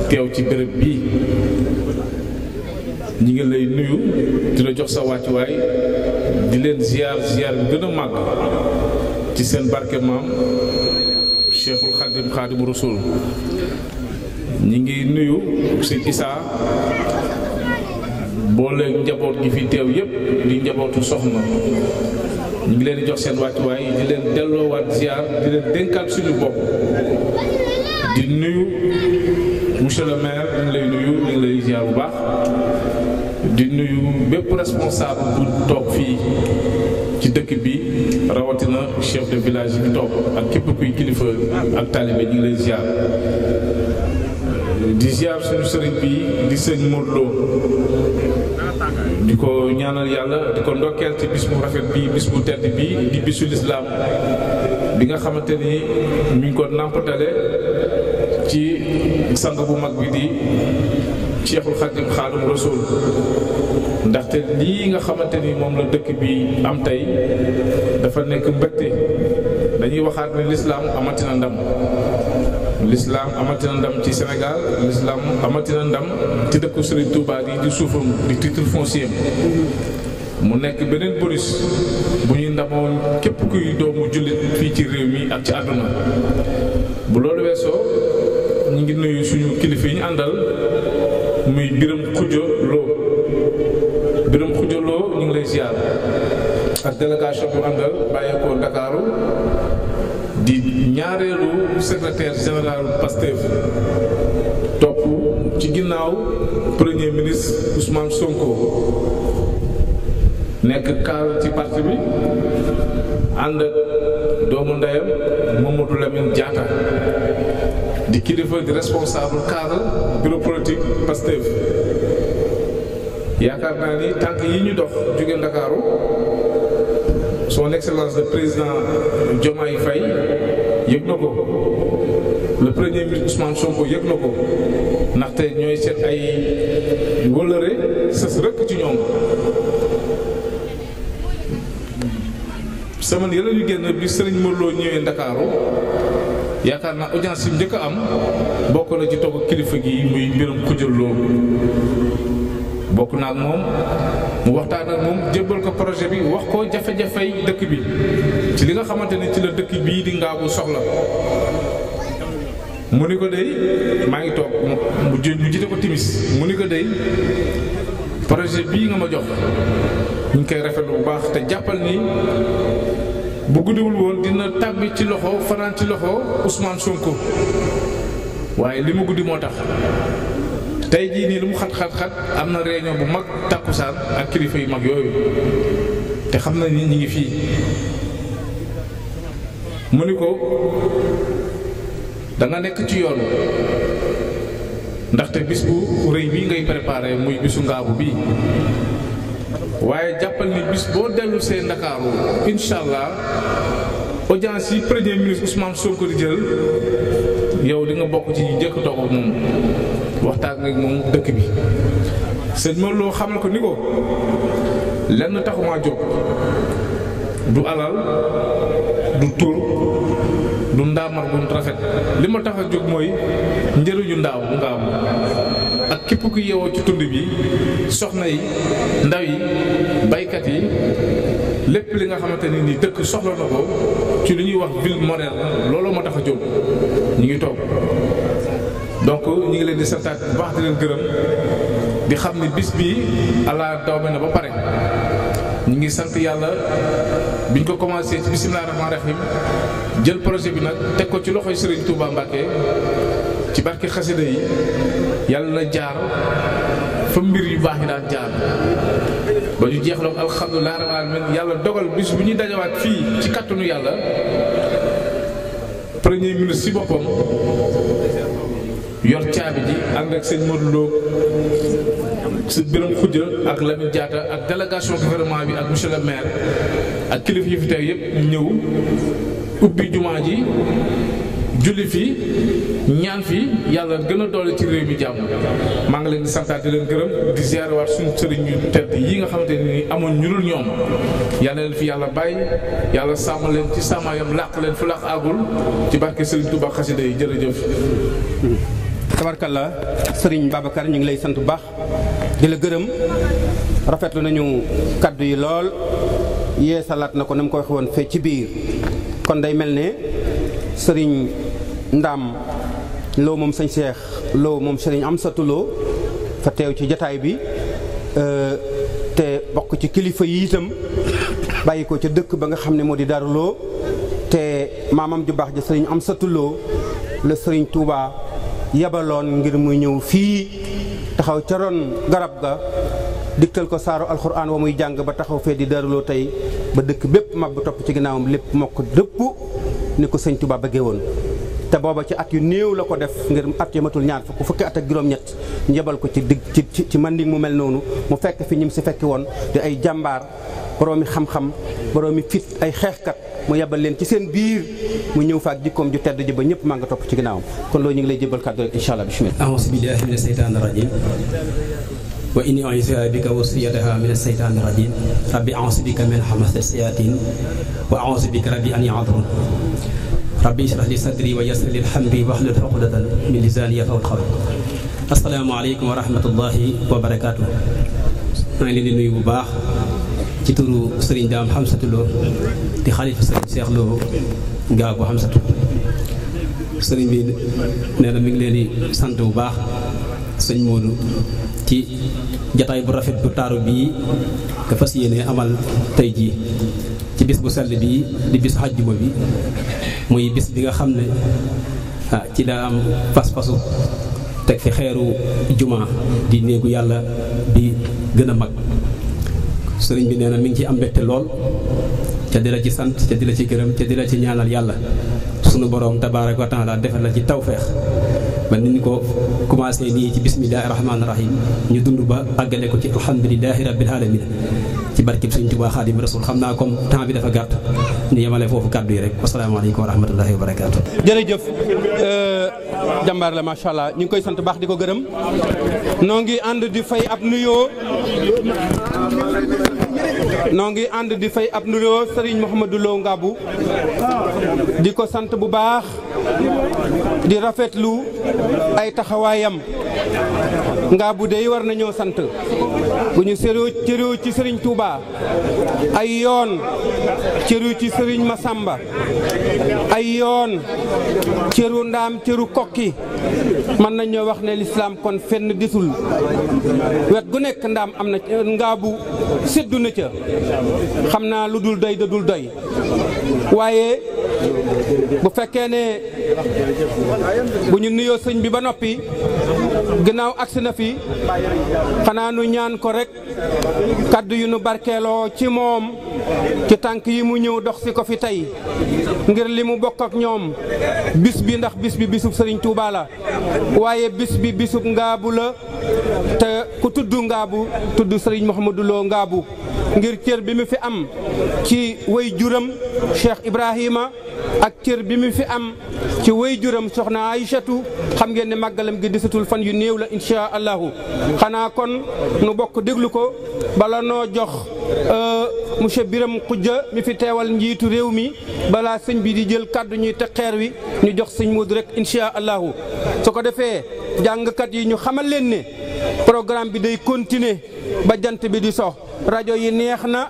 teew ci béréb bi ñi ngi lay nuyu di jox sa wàccuwaay di leen ziar ziar bi màgg ci seen barke maam Cheikhul Khadim Khadim Rasoul ñi ngi nuyu sëñ Isaa boole njaboot gi fi teew yépp di njabootu soxna ñu ngi leen di jox seen wàccuwaay di leen delloowaat ziar di leen dénkaat suñu bopp di nuyu monsieur le maire ñu lay nuyu ñu ngi lay ziar bu baax di nuyu bépp responsable bu toog fii ci dëkk bi rawatina chef de village yi toog ak képp kuy kilifa ak taalibe ñu ngi lay ziar di ziar suñu sëriñ bi di sëñ Modou di ko ñaanal yàlla di ko ndokkeel ci bis bu rafet bi bis tedd bi di bisu lislaam bi nga xamante ni mi ngi ko nàmpatale ci sang bu mag bi di Cheikhul Khadim Khadim Rasoul ndaxte lii nga xamante ni moom la dëkk bi am tey dafa nekk mbégte dañuy waxaat ne lislaam amati na ndam l'islam amatina ndam ci Sénégal l'islam amatina ndam ci dëkku Serigne Touba yi di suufam di titre foncier mu nekk beneen bonus bu ñuy ndamoon képp kuy doomu jullit fii ci réew mi ak ci àdduna bu loolu weesoo ñu ngi nuyu suñu kilifa yi ñu àndal muy Biram Xujo Loo Biram Xujo Loo ñu ak délégation bu àndal bàyyeekoo Ndakaaru di ñaareelu secrétaire général Pastef topp ci ginnaaw premier ministre Ousmane Sonko nekk kaar ci parti bi ànd ak doomu ndeyam Mamadou Lamine Diatta di kilifa di responsable cadre bureau politique Pastef yaakaar naa ni tànk yi ñu dox jóge Ndakaaru son excellence le président Diomaye Faye yëg na ko le premier ministre Ousmane Sonko yëg na ko ndaxte ñooy seet ay wëlëre sës rëkk ci ñoom sama yële ñu génn bi Serigne Mor ñëwee Ndakaaru yaakaar naa audience yi njëkk am bokk na ci togg kilifa gi muy mbirum kujël loolu bokk naa ak moom mu waxtaan ak moom jébbal ko projet bi wax ko jafe-jafey dëkk bi ci li nga xamante ni ci la dëkk bii di Ngabou soxla mu ni ko dey maa ngi toog mu mu jite ko timis mu ni ko dey projet bii nga ma jox ñu koy rafet bu baax te jàppal ni bu guddiwul woon dina tàbbi ci loxo fanaan ci loxo Ousmane Sonko waaye li mu guddi moo tax tey jii nii lu mu xat-xat-xat am na réunion bu mag tàkkusaan ak kilifa yu mag yooyu te xam na ni ñi ngi fii mu ni ko da nekk ci yoon ndaxte bis bu rëy bii ngay préparé muy bisu ngaabu bi waaye jàppal ni bis boo dellusee see ndakaaru incha allah audience yi premier ministre Ousmane Sonko di jël yow di nga bokk ci njëkk toog ak moom waxtaan moom dëkk bi sëñ Mor Lo xamal ko ni ko lenn taxumaa jóg du alal du tur du ndaamar bu rafet li ma tax a jóg mooy njëriñu ndaaw bu nga am ak képp ku yeewoo ci tund bi soxna yi ndaw yi baykat yi lépp li nga xamante ni nii dëkk soxla na ko ci li ñuy wax ville moderne looloo ma tax a jóg ñu ngi toog donc ñu ngi leen di santaat baax di leen gërëm di xam ni bis bii allah dawme na ba pare ñu ngi sant yàlla biñ ko commencé ci bisimilah rahmaan rahim jël projet bi nag teg ko ci loxoy Serigne Touba Mbacké ci barke xasida yi yàlla na jaar fa mbir yu baax yi daan jaar. ba ñu jeexaloog alhamdulilah rabbil alamin yàlla dogal bis bu ñuy dajawaat fii ci kàttanu yàlla premier ministre si boppam yor caabi ji ànd ak sëñ Modou Lo si biram xujja ak Lamine Diatta ak délégation gouvernement bi ak monsieur maire ak kilifa yi fi teew yëpp ñëw ubbi jumaa ji julli fii ñaan fi yàlla gën a doole ci réew mi jàmm maa ngi leen di santaat di leen gërëm di ziare waat suñu sëriñ ñu tedd yi nga xamante ni amoon ñu dul ñoom yàlla leen fi yàlla bàyyi yàlla sàmm leen ci sàmmaayam làq leen fu làq àggul ci barke sëriñ Tuubaa xasida yi jërëjëf tabarkalla sëriñ Babacar ñu ngi lay sant bu baax di la gërëm rafetlu nañu kàddu yi lool yee salaat na ko ni mu ko waxee fee ci biir kon day mel ne sëriñ ndaam loo moom sëñ Seex loo moom sëriñ Amsatu Lo fa teew ci jataay bi euh, te bokk ci kilifa yi itam bàyyi ko ca dëkk ba nga xam ne moo di Daaru te maamam ju baax ja sëriñ Amsatu Lo la sëriñ Touba yabaloon ngir muy ñëw fii taxaw ca ron garab ga diktal ko saaru alxuraan wa muy jàng ba taxaw fee di Daaru tey ba dëkk bépp mag bu topp ci ginnaawam lépp mokk dëpp ni ko sëñ Touba bëggee woon te booba ci at yu néew la ko def ngir at yu matul ñaar fukk fukki at ak juróom-ñett ñu ko ci digg ci man manding mu mel noonu mu fekk fi ñim si fekki woon di ay jàmbaar boroomi xam-xam boroomi fit ay xeexkat mu yebal leen ci seen biir mu ñëw faak jikkoom ju tedd ji ba ñëpp maa nga topp ci ginnaawam kon loolu ñu ngi lay jébal kàddu rek incha allah bismillah aouzu billahi mina seytaani rajim wa inni u'iizuha bika wa zurriyyataha mina seytaani rajim rabbi aouzu bika min hamazati rabbi israh li sadri wa yassir li hamri wahlul uqdatan min lisani yafqahu qawli asalaamaaleykum wa rahmatullahi wa barakaatu. maa ngi leen di nuyu bu baax ci turu Serigne Dame Hamsatou Lo di xalifa Serigne Cheikh Lo Gaagu Hamsatou Serigne bi nee na mi ngi leen di sant bu baax sëñ Modou ci jataay bu rafet bu taaru bii nga fas yéene amal tey jii. ci bis bu sell bii di bisu àjjuma bi muy bis bi nga xam ne ah ci daa am pas-pasu teg fi xeeru juma di néegu yàlla bi gën a mag sëriñ bi nee na mi ngi ci am mbégte lool ca di la ci sant ca di la ci gërëm ca di la ci ñaanal yàlla sunu boroom tabaaraka wa taala defal la ci tawfeex ba ni ñu ko commencé nii ci bismillaahi rahmaani rahim ñu dund ba àggale ko ci alhamdulilahi rabbil alamin ci barkeb Sëriñ Tuubaa Xaadimu Rasuul xam naa comme temps bi dafa gàtt ñu yemale foofu kàddu yi rek wasalaamaaleykum wa rahmatullahi wa barakaatu. jërëjëf euh, jàmbaar la macha allah ñu ngi koy sant baax di ko gërëm noo ngi ànd di fay ab nuyoo. noo ngi ànd di fay ab nuyoo Serigne Mouhamadou Lo Ngabou di ko sant bu baax di rafetlu ay taxawaayam ngaabu dey war nañoo sant bu ñu sëroo cëroo ci sëriñ Touba ay yoon cëru ci sëriñ Masamba ay yoon cëru ndaam cëru kokki mën nañoo wax ne lislaam kon fenn disul wet gu nekk ndaam am na ngaabu séddu na ca xam naa lu dul doy da dul doy waaye bu fekkee ne bu ñu nuyoo sëñ bi ba noppi gannaaw agsi na fi xanaa nu ñaan ko rekk kàddu yu nu barkeeloo ci moom ci tànk yi mu ñëw dox si ko fi tey ngir li mu bokk ak ñoom bis bi ndax bis bi bisub sëriñ Touba la waaye bis bi bisub ngaabu la te ku tudd ngaabu tudd sëriñ Mouhamadou Lo ngaabu ngir cër bi mu fi am ci way juram Cheikh Ibrahima ak cër bi mu fi am ci way juram soxna Aïchatu xam ngeen ne màggalam gi desatul fan yu néew la insha allahu xanaa kon nu bokk déglu ko bala noo jox euh, monsieur Biram Khoudia mi fi teewal njiitu réew mi balaa sëñ bi di jël kàddu ñuy teg xeer wi ñu jox sëñ Modou rek insha allahu su ko defee jàngkat yi ñu xamal leen ne programme bi day continuer ba jant bi di sox rajo yi neex na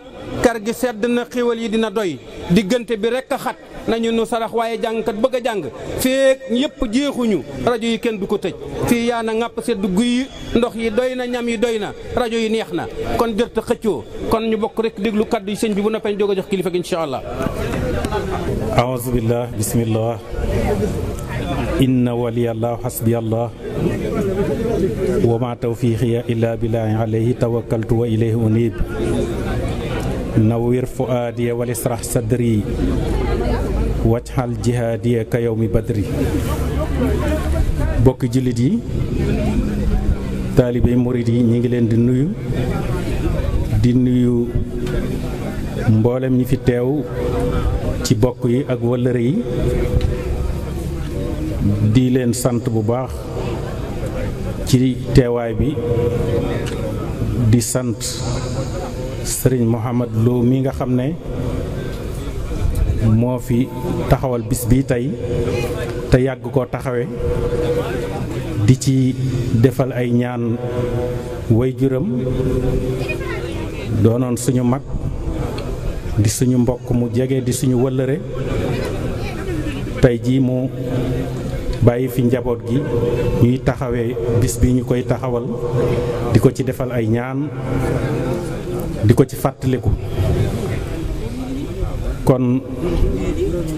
kar gi sedd na xéwal yi dina doy diggante bi rek a xat nañu nu sarax waaye jàngkat bëgg a jàng feek yëpp jeexuñu rajo yi kenn du ko tëj fii yaa na ŋàpp sedd guy ndox yi doy na ñam yi doy na rajo yi neex na kon jërta xëccoo kon ñu bokk rek déglu kaddu yi sëñ bi bu noppee ñu doog a jox kilifa gi incha allah aouzu billah bismillah wa ma tawfiiqi illa billahi alayhi tawakkaltu wa ilayhi unib nawwir fuaadiya wal israh sadri wajhal jihaadiya ka yawmi badri bokki jullit yi taalibe murit yi ñu ngi leen di nuyu di nuyu mboolem ñi fi teew ci bokk yi ak wëllëre yi di leen sant bu baax ci teewaay bi di sant sëriñ Mouhamad Lo mi nga xam ne moo fi taxawal bis bi tey te yàgg koo taxawe di ci defal ay ñaan way juram doonoon suñu mag di suñu mbokk mu jege di suñu wëllëre tey jii mu bàyyi fi njaboot gi ñuy taxawee bis bi ñu koy taxawal di ko ci defal ay ñaan di ko ci fàttaliku kon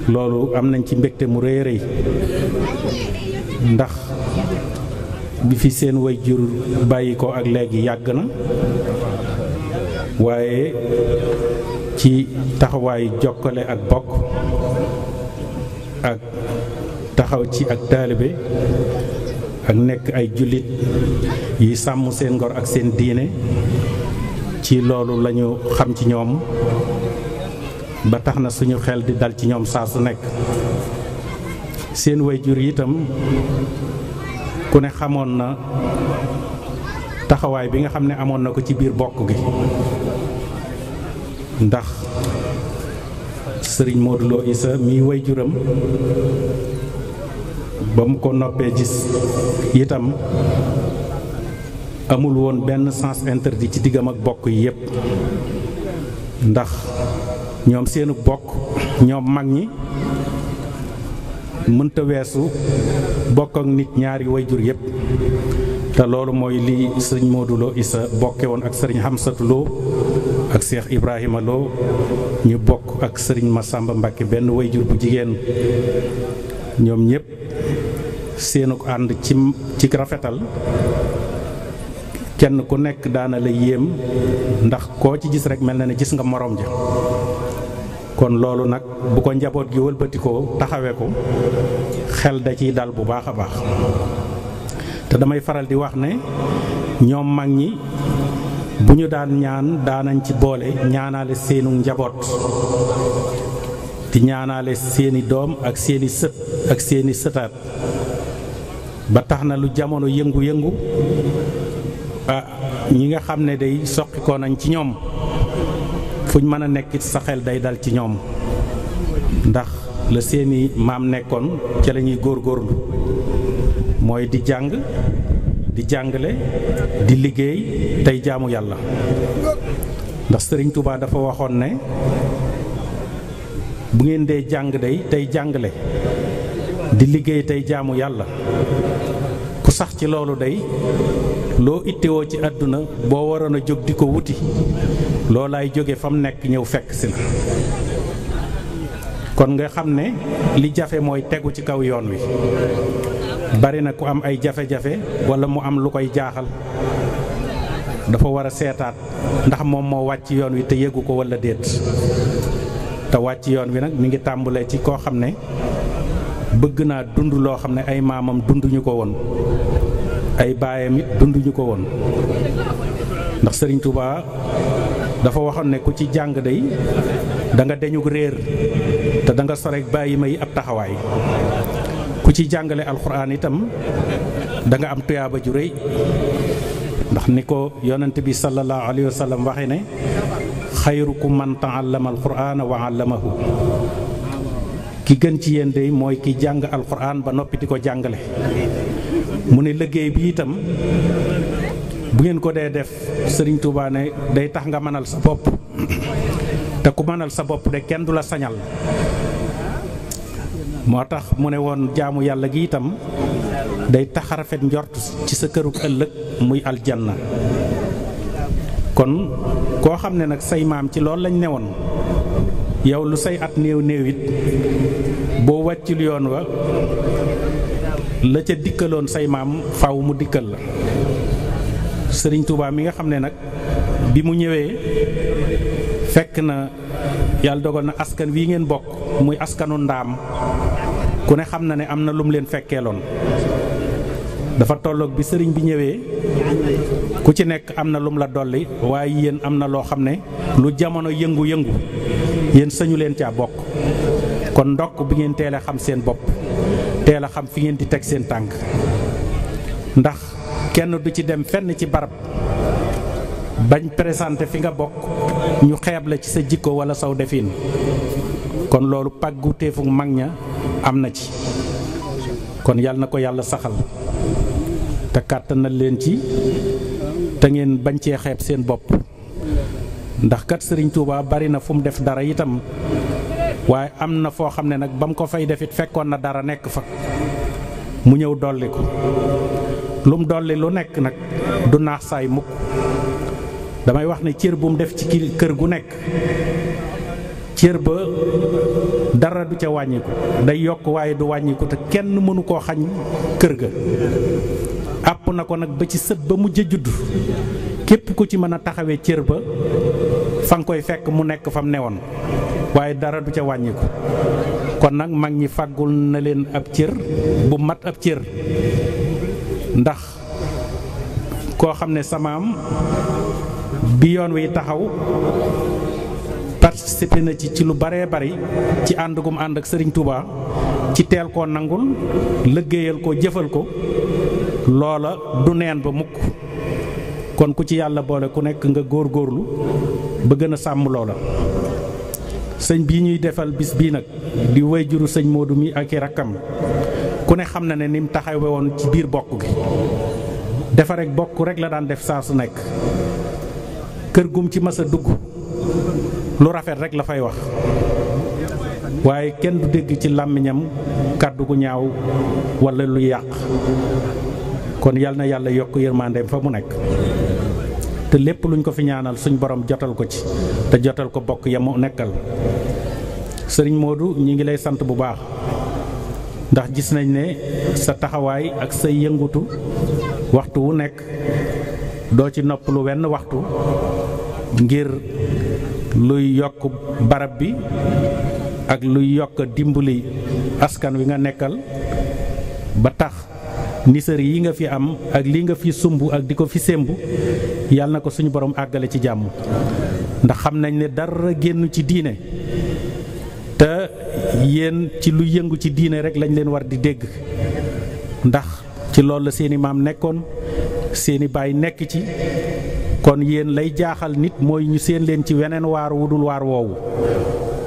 loolu am nañ ci mbégte mu rëy rëy ndax bi fi seen way jur bàyyi ko ak léegi yàgg na waaye ci taxawaayu jokkale ak bokk ak taxaw ci ak taalibe ak nekk ay jullit yuy sàmm seen ngor ak seen diine ci loolu lañu xam ci ñoom ba tax na suñu xel di dal ci ñoom saa su nekk seen wayjur itam ku ne xamoon na taxawaay bi nga xam ne amoon na ko ci biir bokk gi ndax sëriñ Modou Lo Issa mii wayjuram ba mu ko noppee gis itam amul woon benn sens interdit ci diggam ak bokk yi yépp ndax ñoom seenu bokk ñoom mag ñi mënta weesu bokk nit ñaari wayjur yépp te loolu mooy li sëriñ mooduloo Lo Issa woon ak sëriñ Hamsatu Lo ak Cheikh Ibrahima Lo ñu bokk ak sëriñ ma Massamba Mbacke benn wayjur bu jigéen ñoom ñépp seenuk and ci ci rafetal kenn ku nek daana la yem ndax ko ci gis rek melna na ne gis nga morom ja kon lolu nak bu ko njabot gi wëlbatikoo taxawé ko xel da ci dal bu baakha Tada baax te damay faral di wax ne ñom mag ñi bu ñu daan ñaan daanañ ci boole ñaanale seenu njabot di ñaanale seeni dom ak seeni seut ak seeni setat ba tax na lu jamono yëngu-yëngu ah ñi nga xam ne day soqikoo nañ ci ñoom fuñ mën a nekk sa xel day dal ci ñoom ndax la seeni maam nekkoon ca la góor góorgóorlu mooy di jàng di jàngale di liggéey tey jaamu yàlla ndax sëriñ Touba dafa waxoon ne bu ngeen dee jàng dey tey jàngale di liggéey tey jaamu yàlla ku sax ci loolu day loo ittewoo ci àdduna boo waroon a jóg di ko wuti loolu loolaay jóge fa mu nekk ñëw fekk si la kon nga xam ne li jafe mooy tegu ci kaw yoon wi bari na ku am ay jafe-jafe walla mu am lu koy jaaxal dafa war a seetaat ndax moom moo wàcc yoon wi te yëgu ko walla déet te wàcc yoon wi nag mi ngi tàmbalee ci koo xam ne bëgg naa dund loo xam ne ay maamam dunduñu ko woon ay baayam dunduñu ko woon ndax sëriñ Touba dafa waxoon ne ku ci jàng day da nga réer te danga nga sorek bàyyi ab taxawaay ku ci jàngale alxuraan itam danga am tuyaaba ju réy ndax ni ko yonent bi sallallahu alayhi wa sallam waxe ne xayrukum man taallama alqur'ana wa ki gën ci yeen day moy ki jang alquran ba nopi diko jangale mu ne bi itam bu ngeen ko dee def serigne Touba ne day tax nga manal sa bop te ku manal sa bop de kenn du la sañal motax mu ne jaamu yalla gi itam day tax rafet njort ci sa keuruk muy aljanna kon ko xamne nak say maam ci lol lañ newon yow lu say at néew néew it boo wàccul yoon wa la ca dikkaloon say maam faw mu dikkal la sëriñ Touba mi nga xam ne nag bi mu ñëwee fekk na yàlla dogal na askan wi ngeen bokk muy askanu ndaam ku ne xam na ne am na lum leen fekkeeloon dafa tolloog bi sëriñ bi ñëwee ku ci nekk am na lum la dolli waaye yéen am na loo xam ne lu jamono yëngu-yëngu yéen sañu leen caa bokk kon ndokk bi ngeen teel a xam seen bopp teel a xam fi ngeen di teg seen tànk ndax kenn du ci dem fenn ci barab bañ présenté fi nga bokk ñu xeeb la ci sa jikko wala saw defin kon loolu pàggu téefuk mag ña am na ci kon yàlla na ko yàlla saxal te kàttanal leen ci te ngeen bañ cee xeeb seen bopp ndax kat sëriñ Touba bari na fu mu def dara itam waaye am na foo xam ne nag ba mu ko fay defit fekkoon na dara nekk fa mu ñëw dolli ko lu mu dolli lu nekk nag du naax saay mukk damay wax ne cër bu mu def ci kër gu nekk cër ba dara du ca wàññiku day yokk waaye du wàññiku te kenn mënu koo xañ kër ga àpp na ko nag ba ci sët ba mujj judd képp ku ci mën a taxawee cër ba fa nga koy fekk mu nekk fam newoon waaye dara du ca wàññiku kon nag mag ñi fàggul na leen ab cër bu mat ab cër ndax koo xam ne samaam bi yoon wi taxaw participé na ci ci lu baree bari ci ànd gum ak Serigne Touba ci teel koo nangul ko jëfal ko loola du neen ba mukk kon ku ci yàlla boole ku nekk nga góor góorlu ba gën a sàmm loola sëñ bii ñuy defal bis bii nag di wayjuru sëñ Modou mi ak i rakkam ku ne xam na ne ni mu taxawe woon ci biir bokk gi dafa rek bokk rek la daan def saa su nekk kër gum ci masa a dugg lu rafet rek la fay wax waaye kenn du dégg ci làmmiñam kàddu gu ñaaw walla lu yàq kon yal na yàlla yokk yërmandeem fa mu nekk te lépp luñ ko fi ñaanal suñ borom jotal ko ci te jotal ko bokk ya mu nekkal sëriñ moodu ñi ngi lay sant bu baax ndax gis nañ ne sa taxawaay ak say yëngutu waxtu wu nekk doo ci nopp lu wenn waxtu ngir luy yokk barab bi ak luy yokk dimbali askan wi nga nekkal ba tax nisër yi nga fi am ak li nga fi sumbu ak diko fi sembu yàlla na ko suñu borom agale ci jamm ndax xam nañ ne dara gennu ci diine te yen ci lu yëngu ci diine rek lañ leen war di dégg ndax ci lool la seeni maam nekkoon seeni bay nekk ci kon yen lay jaaxal nit moy ñu seen leen ci weneen waar wudul waar woowu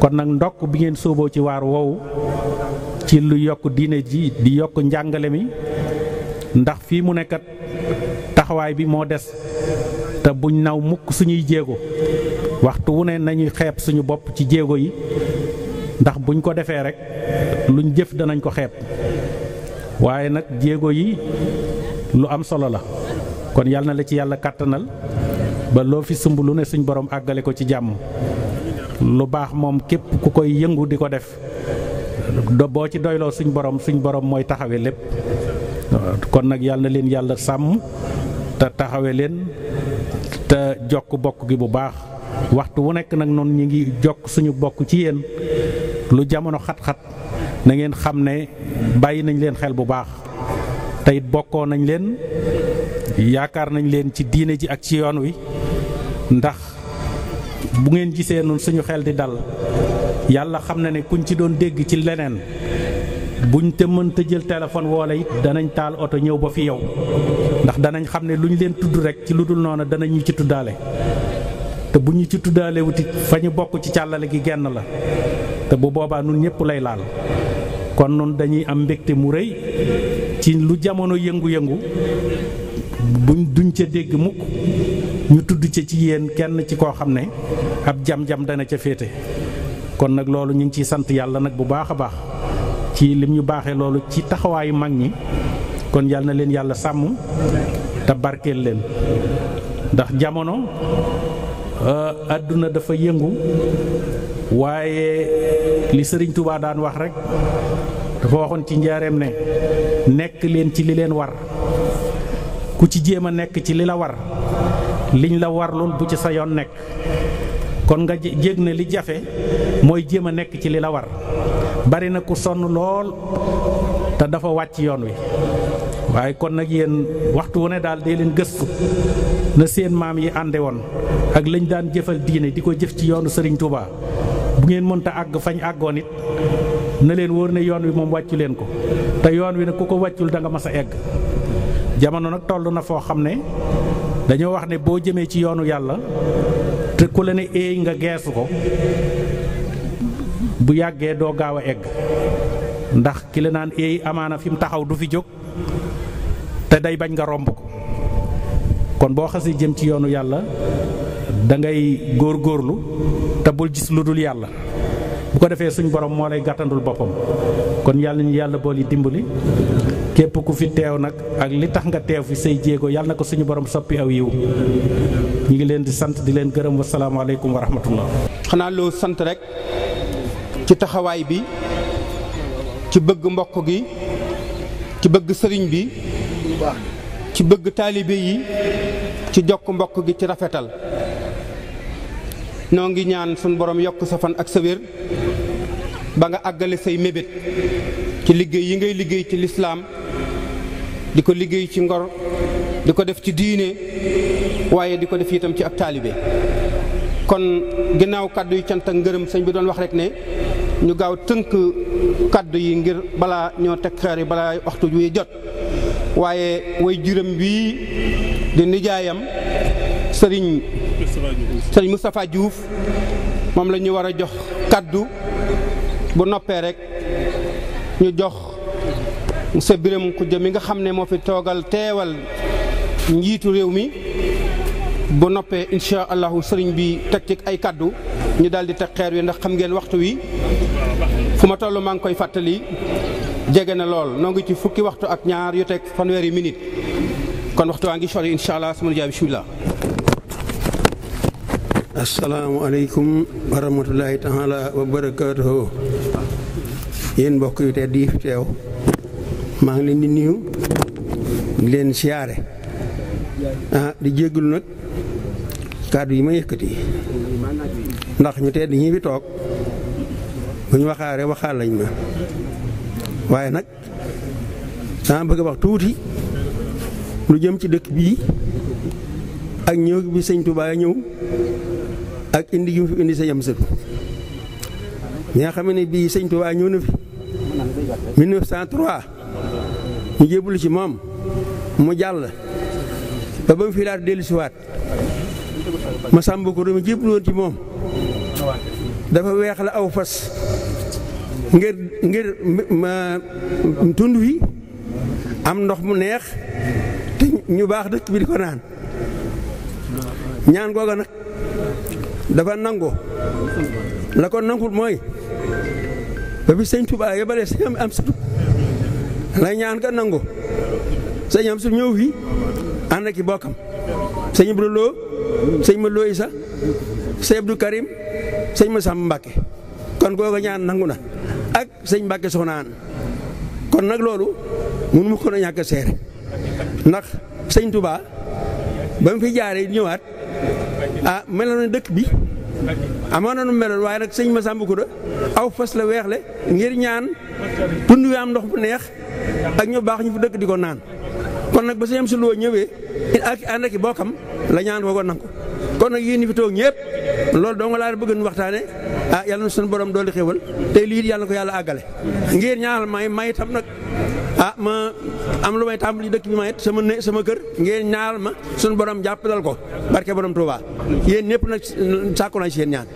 kon nag ndokk bi ngeen sóoboo ci waar woowu ci lu yokk diine ji di yokk njàngale mi ndax fii mu nekkat taxawaay bi moo des te buñ naw mukk suñuy jéego waxtu wu ne nañu xeeb suñu bopp ci jéego yi ndax buñ ko defee rek luñ jëf danañ ko xeeb waaye nag jéego yi lu am solo la kon yal na la ci yàlla kàttanal ba loo fi sumb lu ne suñ borom àggale ko ci jàmm lu baax moom képp ku koy yëngu di ko def boo ci doyloo suñu borom suñ borom mooy taxawee lépp kon nag yàlla na leen yàlla sàmm te taxawe leen te jokk bokk gi bu baax waxtu wu nekk nag noonu ñu ngi jokk suñu bokk ci yéen lu jamono xat-xat na ngeen xam ne bàyyi nañ leen xel bu baax tey bokkoo nañ leen yaakaar nañ leen ci diine ji ak ci yoon wi ndax bu ngeen gisee noonu suñu xel di dal yàlla xam na ne kuñ ci doon dégg ci leneen buñ te mënta jël téléphone woole la it danañ taal oto ñëw ba fi yow ndax danañ xam ne lu ñu leen tudd rek ci lu dul noonu danañ ci tuddaale te bu ñu ci tuddaale wuti fa ñu bokk ci càllale gi genn la te bu boobaa nun ñëpp lay laal kon nun dañuy am mbégte mu rëy ci lu jamono yëngu-yëngu buñ duñ ca dégg mukk ñu tudd ca ci yéen kenn ci koo xam ne ab jam-jam dana ca féete kon nag loolu ñu ngi ciy sant yàlla nag bu baax a baax ci lim ñu baaxee loolu ci taxawaayu mag ñi kon yal na leen yàlla sàmm te barkeel leen ndax jamono euh, àdduna dafa yëngu waaye li sëriñ Touba daan wax rek dafa waxoon ci njaareem ne nekk leen ci li leen war ku ci jéem a nekk ci li la war liñ la warlul bu ci sa yoon nekk kon nga jég ne li jafe mooy jéem a nekk ci li la war bari na ku sonn lool te dafa wàcc yoon wi waaye kon nag yéen waxtu wu ne daal dee leen gëstu na seen maam yi ànde woon ak lañ daan jëfal diine di ko jëf ci yoonu Serigne Touba bu ngeen mënta àgg fañ àggoon it na leen wóor ne yoon wi moom wàccu leen ko te yoon wi ne ku ko wàccul danga nga a egg jamono nag toll na foo xam ne dañoo wax ne boo jëmee ci yoonu yàlla te ku la ne eey nga geesu ko bu yàggee doo gaaw a egg ndax ki la naan eey amaana fi mu taxaw du fi jóg te day bañ nga romb ko kon boo xasee jëm ci yoonu yàlla da ngay góor góorlu te bul gis lu dul yàlla bu ko defee suñu borom moo lay gàttandul boppam kon yàlla ñu yàlla bool yi dimbali képp ku fi teew nag ak li tax nga teew fi say jéego yàlla na ko suñu borom soppi aw yiw ñu ngi leen di sant di leen gërëm wasalaamaaleykum wa rahmatullah xanaa loo sant rek ci taxawaay bi ci bëgg mbokk gi ci bëgg sëriñ bi ci bëgg taalibe yi ci jokk mbokk gi ci rafetal noo ngi ñaan suñu borom yokk sa fan ak sa wér ba nga àggale say mébét ci liggéey yi ngay liggéey ci lislaam di ko liggéey ci ngor di ko def ci diine waaye di ko def itam ci ab taalibe kon ginnaaw kàddu yi cant ak ngërëm sëñ bi doon wax rek ne ñu gaaw tënk kàddu yi ngir balaa ñoo teg xeer yi balaa waxtu wi jot waaye way jiram bii di nijaayam sëriñ sëriñ Moustapha Diouf moom la ñu war a jox kàddu bu noppee rek ñu jox monsieur Birame Khoudia mi nga xam ne moo fi toogal teewal njiitu réew mi bu noppee incha allahu sëriñ bi teg ci ay kàddu ñu daal di teg xeer wi ndax xam ngeen waxtu wi fu ma toll maa ngi koy fàttali jege na lool noo ngi ci fukki waxtu ak ñaar yu teg fanweeri minute kon waxtu waa ngi sori incha allah suma jaay bisimilah. asalaamaaleykum wa rahmatulahi taala wa barakaatuhu yéen mbokk yu tedd yi teew. maa ngi leen di nuyu leen siyaare ah di jéggalu nag kàddu yi ma yëkkati ndax ñu tedd ñi fi toog bu ñu waxaaree waxaal lañ ma waaye nag dama bëgg a wax tuuti lu jëm ci dëkk bii ak ñëw bi sëñ Touba ñëw ak indi gi mu fi indi sa yam sëtu ñi xam ne bii sëñ Touba ñëw na fi mu jébbalu ci moom mu jàll ba ba mu fi laatu dellu ma sàmb ko dama jébbalu ci moom dafa weex la aw fas ngir ngir ma tund wi am ndox mu neex te ñu baax dëkk bi di ko naan ñaan googa nag dafa nangu la ko nangul mooy ba bi sëñ Tuubaa yebalee sëñ am am sëtu lay ñaan nga nangu sëñ am su ñëw fii ànd ak i bokkam sëñ Ibra Lo sëñ ma Lo Isa sëñ Abdou Karim sëñ ma Sàmb Mbàkke kon kooku ñaan nangu na ak sëñ Mbàkke soxnaan kon nag loolu mun mu ko na ñàkk seere ndax sëñ Touba ba mu fi jaaree ñëwaat ah mel na dëkk bi amoon na nu meloon waaye nag sëñ Massamba Coura aw fas la weexle ngir ñaan tund wi am ndox bu neex ak ñu baax ñu fu dëkk di ko naan kon nag ba sëñ si loo ñëwee ak ànd ak i bokkam la ñaan ko nangu kon nag yéen ñi fi loolu doo nga laa bëgg nu waxtaane ah yàlla na suñu borom doole xéwal tey lii yàlla na ko yàlla àggale ngir ñaanal may may itam nag ah ma am lu may tàmbali dëkk bi ma it sama ne sama kër ngeen ñaanal ma suñu borom jàppalal ko barke borom Touba yéen ñëpp nag sàkku naa ci yéen ñaan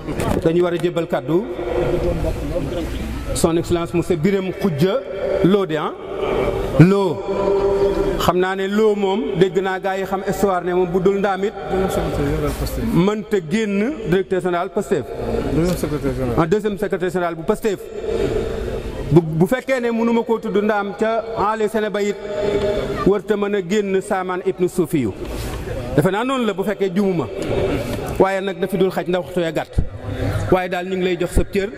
dañuy war a jébbal kaddu son excellence monsieur birem khudja lodi han Lo xamna ne Lo mom dégg na gaay xam histoire ne mom budul ndamit man te génn directeur général Pastef deuxième secrétaire général bu Pastef bu fekke ne munuma ko tuddu ndam ca enle Sénégal it warta mën a génn Saman ibnu sufiyu defena non la bu fekke djumuma waaye nag dafa dul xaj ndax waxtu ya gàtt waaye daal ñu ngi lay jox sa cër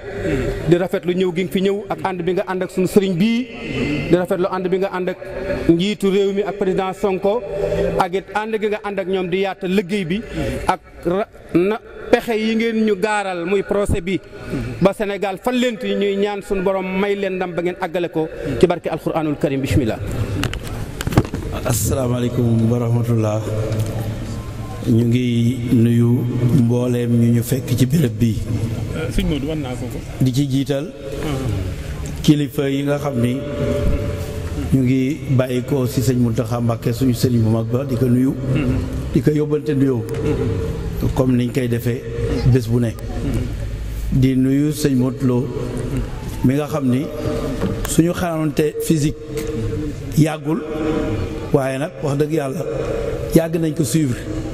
di rafetlu ñëw gi fi ñëw ak ànd bi nga ànd ak suñu sëriñ bii di rafet lu ànd bi nga ànd ak njiitu réew mi ak président Sonko ak it ànd gi nga ànd ak ñoom di yaata liggéey bi ak na pexe yi ngeen ñu gaaral muy procès bi ba Sénégal fan lent yi ñuy ñaan suñu borom may leen ndam ba ngeen àggale ko ci barke alquranul karim bismillah asalaamaaleykum wa rahmatullah ñu ngi nuyu mbooleem ñu ñu fekk ci béréb bii di ci jiital kilifa yi nga xam ni ñu ngi bàyyi ci sëñ Muntaxa Mbàkke suñu sëriñ bu mag ba di ko nuyu di ko yóbbante nuyoo comme niñ koy defee bés bu ne di nuyu sëñ Motloo mi nga xam ni suñu xamante fisik yàggul waaye nag wax dëgg yàlla yàgg nañ ko suivre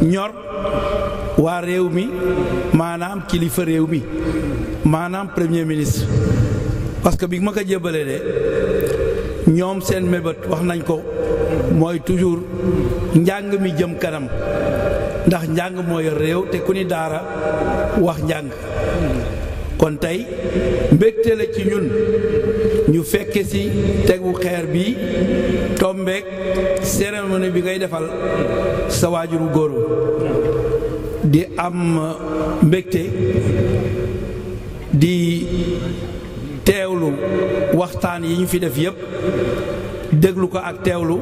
ñor waa réew mi maanaam kilifa réew mi maanaam premier ministre parce que bi ma ko jébalee de ñoom seen mébét wax nañ ko mooy toujours njàng mi jëm kanam ndax njàng mooy réew te ku ni daara wax njàng kon tey mbégte la ci ñun ñu fekke si tegu xeer bi tombeek cérémonie bi ngay defal sa waajuru góor di am mbégte di teewlu waxtaan yi ñu fi def yépp déglu ko ak teewlu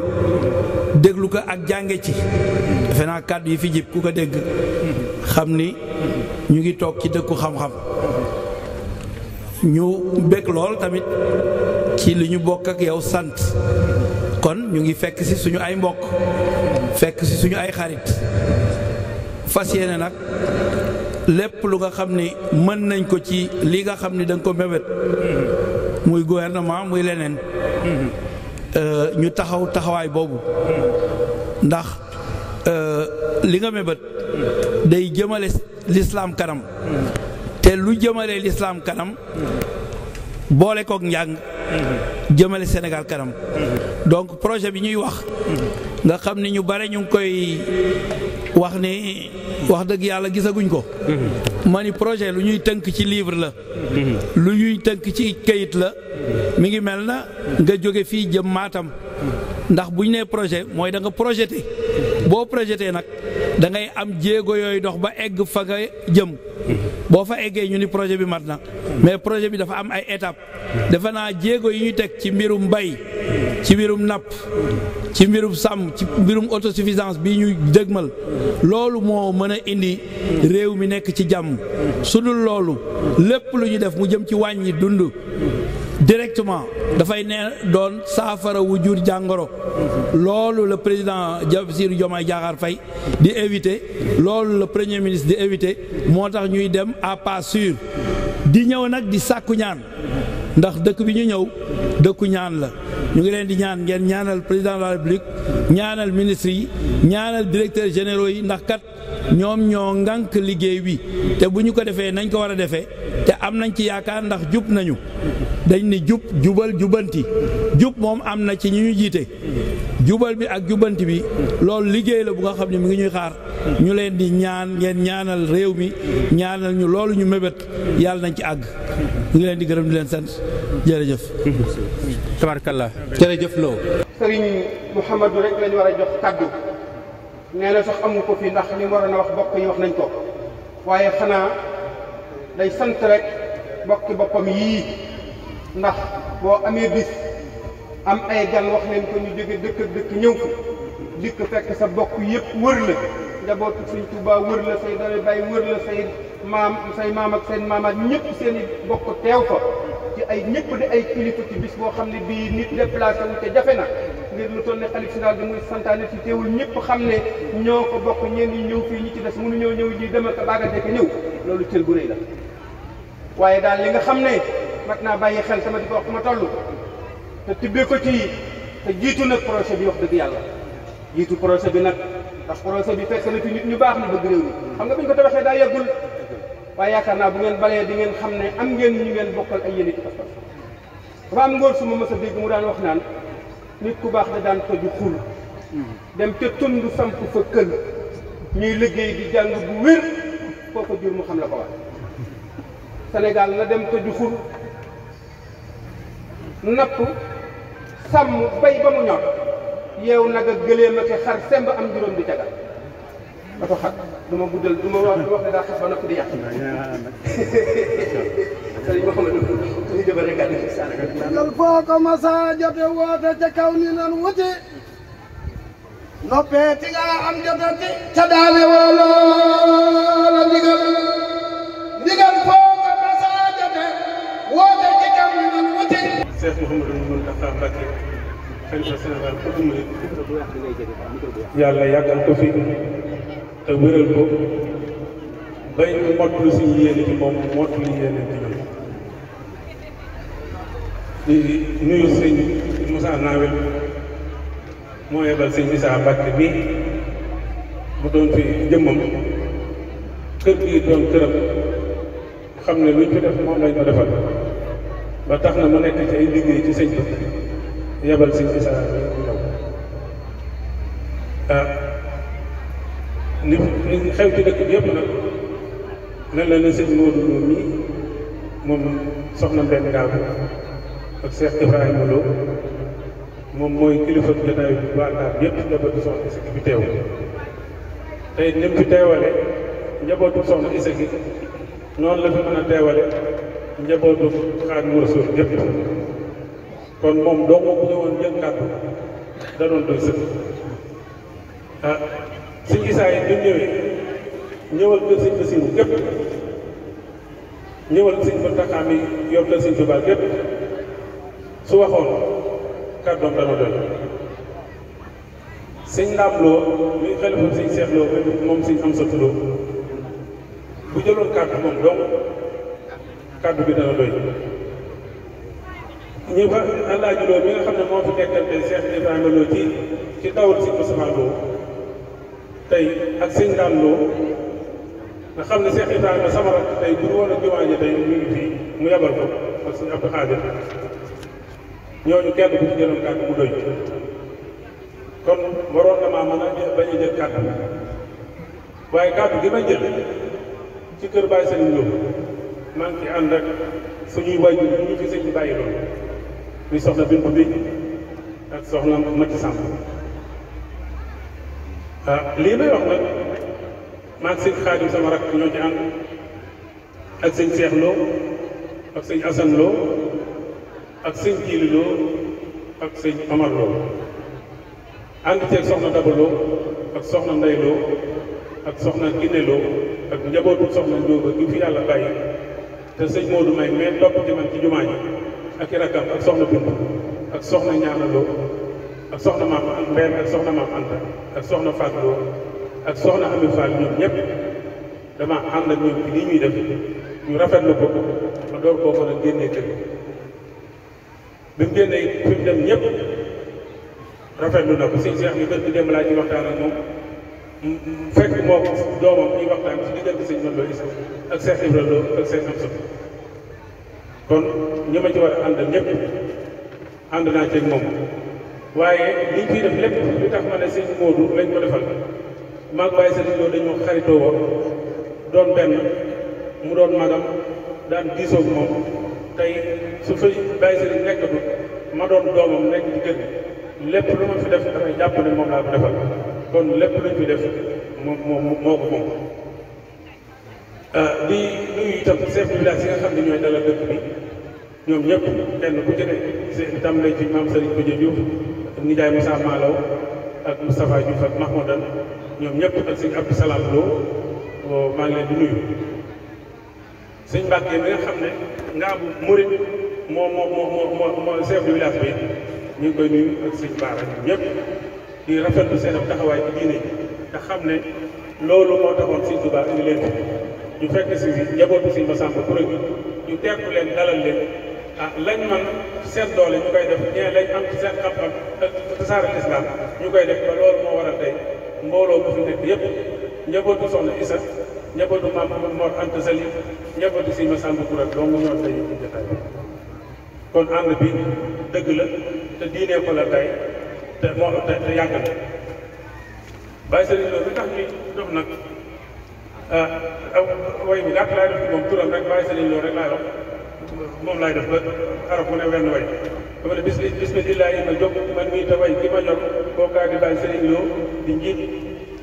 déglu ko ak jànge ci defe naa kàddu yi fi jib ku ko dégg xam ni ñu ngi toog ci dëkku xam-xam ñu bég lool tamit ci li ñu bokk ak yow sant kon ñu ngi fekk si suñu ay mbokk fekk si suñu ay xarit fas yéene nag lépp lu nga xam ni mën nañ ko ci li nga xam ni da nga ko mébét muy gouvernement muy leneen euh, ñu taxaw taxawaay boobu ndax euh, li nga mébét day jëmale lislaam kanam lu jëmalee lislaam kanam boole kook njàng jëmale Sénégal kanam donc projet bi ñuy wax nga xam ni ñu bare ñu ngi koy wax ni wax dëgg yàlla gisaguñ ko ma ni projet lu ñuy tënk ci livre la lu ñuy tënk ci kayit la mi ngi mel na nga jóge fii jëm Matam ndax bu ñu nee projet mooy da nga projeté boo projettee nag da ngay am jéego yooyu dox ba egg fa nga jëm boo fa eggee ñu ni projet bi mat na mais projet bi dafa am ay étape defe naa jéego yi ñu teg ci mbirum mbay ci mbirum napp ci mbirum sàmm ci mbirum autosuffisance bi ñu dëgmal loolu moo mën a indi réew mi nekk ci jàmm su dul loolu lépp lu ñu def mu jëm ci wàññi dund directement dafay ne doon saafara wu jur jàngoro loolu la président Bassirou Diomaye Diakhar Faye di éviter lolou le premier ministre di éviter motax ñuy dem à pas sûr di ñëw nak di sakku ñaan ndax dëkk bi ñu ñëw dëkku ñaan la ñu ngi leen di ñaan ngeen ñaanal président de la république ñaanal ministre yi ñaanal directeur généraux yi ndax kat ñoom ñoo ngànk liggéey bi te bu ñu ko defee nañ ko war a defee te am nañ ci yaakaar ndax jub nañu dañ ni jub jubal jubanti jub moom am na ci ñu ñu jiite jubal bi ak jubanti bi loolu liggéey la bu nga xam ne mu ngi ñuy xaar ñu leen di ñaan ngeen ñaanal réew mi ñaanal ñu loolu ñu mébét yàlla nañ ci àgg ñu ngi leen di gërëm di leen sant jërëjëf tabarkalla jërëjëf loo sëriñ Mouhamadou rek lañu war a jox kàddu nee na sax amu ko fi ndax li mu waroon a wax bokk yi wax nañ ko waaye xanaa day sant rek bokki boppam yii ndax boo amee bis am ay gan wax leen ko ñu jóge dëkk dëkk ñëw ko dikk fekk sa bokk yëpp wër la njabootu sëñ Tuubaa wër la say doomi baay wër la say maam say maam ak seen maamaat ñëpp seen i bokk teew fa ci ay ñëpp di ay kilifa ci bis boo xam ne bii nit déplacé wu te jafe na ngir lu toll ne xalif général bi muy santaane ci teewul ñëpp xam ne ñoo ko bokk ñeen ñi ñëw fii ñi ci des mënu ñëw ñëw ji dem ak baagante ko ñëw loolu cër bu rëy la waaye daal li nga xam ne mat naa bàyyi xel sama di ko wax ma toll te tibbee ko ci te jiitu nag projet bi wax dëgg yàlla jiitu projet bi nag ndax projet bi fekk na fi nit ñu baax na bëgg réew mi xam nga bu ñu ko tabaxee daa yàggul waaye yaakaar naa bu ngeen balee di ngeen xam ne am ngeen ñu ngeen bokkal ay yéene ci pas-pas su ma mës a dégg mu daan wax naan nit ku baax da daan toju xul dem ca tund samp fa kër ñuy liggéey di jàng bu wér kooko jur mu xam la ko wax Sénégal na dem ko xul napp sàmm bay ba mu ñor yeew nag a gëléem ak xar semb am juróom di cagal dafa xat du ma guddal du ma wax du ma wax ne daa xas ba noppi di yàq. sëriñ Mouhamadou suñu jëbal rek gàddu si sànq. foo ko masa jote woote ca kaw ni nan wuti. noppee ti nga am jote ti. ca daane woo loola ndigal. ndigal foo ko ni nan wuti. Cheikh Mouhamadou Mountakha Mbacké xalifa te wéral ko bay mottali suñu yéene ci moom mottali yéene ci ñoom di nuyu sëñ Moussa Nawel moo yebal sëñ Issa Mbacké bi mu doon fi jëmmam kër gi doon këram xam ne luñ fi def moom lañ ko defal ba tax na mu nekk ci ay liggéey ci sëñ bi yebal sëñ Issa bi ñëw ah li li xew ci dëkk yëpp nag lan la la sëñ Modou Lo mii moom soxna Mbène Ngabou ak Cheikh Ibrahima Lo moom mooy kilifa jotaayu bi waa Ndar yëpp njabootu soxna Issa noonu la fi mën a teewale njabootu Xaadimu Rasuul yëpp kon moom doo ko bu ñëwoon jël kàddu da doon doy sëñ Isaa yi bi ñëwee ñëwal kër sëñ Basiiru gépp ñëwal sëñ Muntaxaa mi yor kër sëñ Tuubaa gépp su waxoon kàddoom dana doy sëñ Ndaam Lo muy xelifam sëñ Seex Lo moom sëñ Amsatu Lo bu jëloon kàddu moom donc kàddu bi dana doy ñu ba Alaaji Lo mi nga xam ne moo fi nekkal te Seex Ibrahima Lo ci ci dawul sëñ Musaa Lo tey ak sëñ Dame Lo nga xam ne Cheikh Ibrahima sama rakk tey bu ñu woon a jumaa tey mu ngi fii mu yabal ko ak sëñ Abdou ñooñu kenn bu ci jëloon kàddu mu doy kon waroon na maa mën a bañ a jël kàddu waaye kàddu gi ma jël ci kër Baye Serigne Lo maa ngi ci ànd ak suñuy wàññi ñu ñu fi sëñ bi bàyyi loolu muy soxna Bintu bi ak soxna Mati Samb. Euh, lii may wax nag maag sëñ Xaadim sama rakk ñoo ci ànd ak sëñ Seex ak sëñ Asan Loo ak sëñ Jiili Loo ak sëñ Amar Loo ànd ceeg soxna Daba Loo ak soxna Ndey Loo ak soxna Ginne ak njabootu soxna Njóoba gi fi yàlla bàyyi te sëñ Moodu may mais topp ci man ci jumaa ji ak i rakkam ak soxna Bintu ak soxna ñaanaloo ak soxna maam Mbène ak soxna maam Anta ak soxna Fatou ak soxna Ami Fall ñoom ñëpp dama ànd ak ñoom ci lii ñuy def ñu rafetlu ko ma door koo mën a génnee kër bi mu génnee fi dem ñëpp rafetlu na ko sëñ Cheikh ñu gën di dem laa ñuy waxtaan ak moom mu fekk moo ko doomam waxtaan ci diggante sëñ Mando ak Cheikh Ibrahima Lo kon ñi ci war a àndal ñëpp naa ceeg moom. waaye li ñu def lépp li tax ma ne sëñ Modou lañ ko defal maag Baye Serigne Lo dañoo xaritoo woon doon benn mu doon magam daan diisoog moom tey su fa Baye Serigne nekkatu ma doon doomam nekk ci kër lépp lu ma fi def dafay jàpp ne moom laa ko defal kon lépp luñ fi def moom moom moo ko moom. Ah, di nuyu itam chef de nga xam ne ñooy dalal dëkk bi. ñoom ñëpp kenn ku ci ne tam tàmbali ci maam Serigne Badiou Diouf ak nijaay Moussa Malaw ak Moustapha Diouf ak Mahmoudan ñoom ñëpp ak sëñ Abdou Salam maa ngi leen di nuyu. sëñ Mbacke mi xam ne Ngaabu Murid moo moo moo bi ñu ngi koy nuyu ak sëñ Baara xam ne loolu moo taxoon sëñ Tuubaa indi leen ñu fekk si njabootu sëñ Massamba kuréel gi ñu teeku leen dalal leen. ah lañ man seen doole ñu koy def ñee lañ am seen xam-xam tasaare lislaam ñu koy def ba loolu moo waral tey mbooloo bu fi nekk yëpp njabootu soxna si ma sàmb kuréel dong kon ànd bi dëgg la te diinee ko la tey te moo te te yàgg na bàyyi sëriñ loolu ah, bi gàtt laay loolu rek laay wax moom laay def ba arab bu ne wenn way dama ne bis bismillah ma jóg man mii te way ki ma yor kookaa di bàyyi Serigne Lo di njiit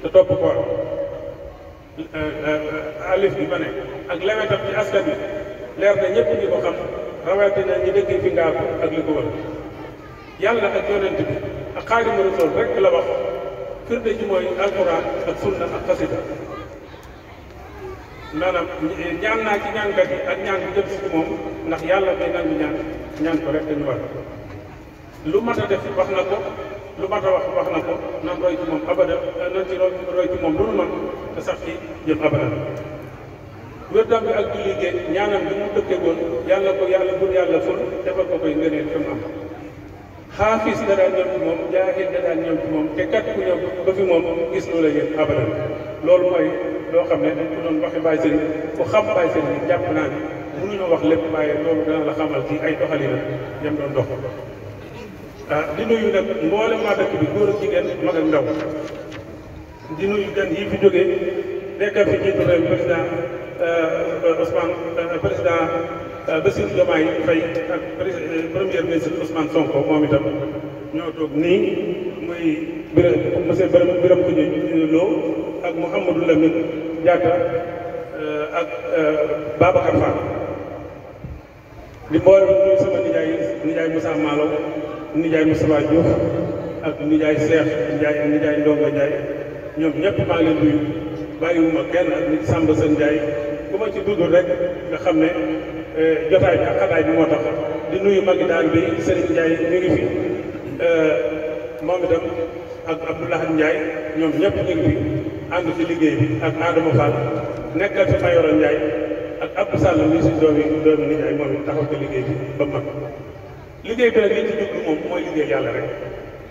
te topp koor euh, euh, euh, alif bi ma ne ak lewetam ci askan bi leer na ñëpp ñi ko xam rawatina ñi dëkk fi ngaa ko ak li ko wër yàlla ak yonent bi ak Xaadimu Rasuul rek la wax firnde ji mooy alquran ak sunna ak xasida manam ñaan na ci ñaan kat ak ñaan bu jëm si mom ndax yalla may nangu ñaan ñaan ko rek dañu war lu mat a def wax na ko lu mat a wax wax na ko nan roy ci mom abada nan ci roy ci mom lu man te sax ci jëm abada wér bi ak julli ge ñaanam bu mu dëkke gon yalla ko yalla bu yalla fu defal ko koy ngeneen fi mu am xaafis da daan ñëw ci moom jaahil da ñom ñëw ci moom te kat ku ñom ba fi mom gis loola yéen abada lool moy loo xam ne dañ ko doon waxi bàyyi sëriñ ku xam bàyyi sëriñ jàpp naa ne mënuñoo wax lépp waaye loolu dana la xamal ci ay doxalina yam doon dox ah di nuyu nag mboolem waa dëkk bi góor ak jigéen mag ak ndaw di nuyu gan yi fi jógee nekkal fi jiitu réew président Ousmane président Bassirou Diomaye Faye ak premier ministre Ousmane Sonko moom itam ñoo toog nii muy biram monsieur biram biram ko ñu loo ak Mouhamadou Lamine Diatta euh, ak euh, Babacar Fall di boole ñuy sama nijaay nijaay Moussa nijaay Moussa Diouf ak nijaay Cheikh nijaay nijaay Ndongo Ndiaye ñoom ñëpp maa ngi nuyu bàyyiwuma kenn ak nit Samba Sën ma ci dudd rek nga xam ne euh, jotaay bi ak xataay bi moo tax di nuyu magi bi Serigne Ndiaye ñu Euh, moom itam ak Abdoulaye Ndiaye ñoom ñëpp ñu ngi fi ci liggéey bi ak Adama Fall nekkal fi Mayoro Ndiaye ak Abdou Sall mi si yi doomi nit ay moom it liggéey bi ba mag liggéey bi nag li ci jublu moom mooy liggéey yàlla rek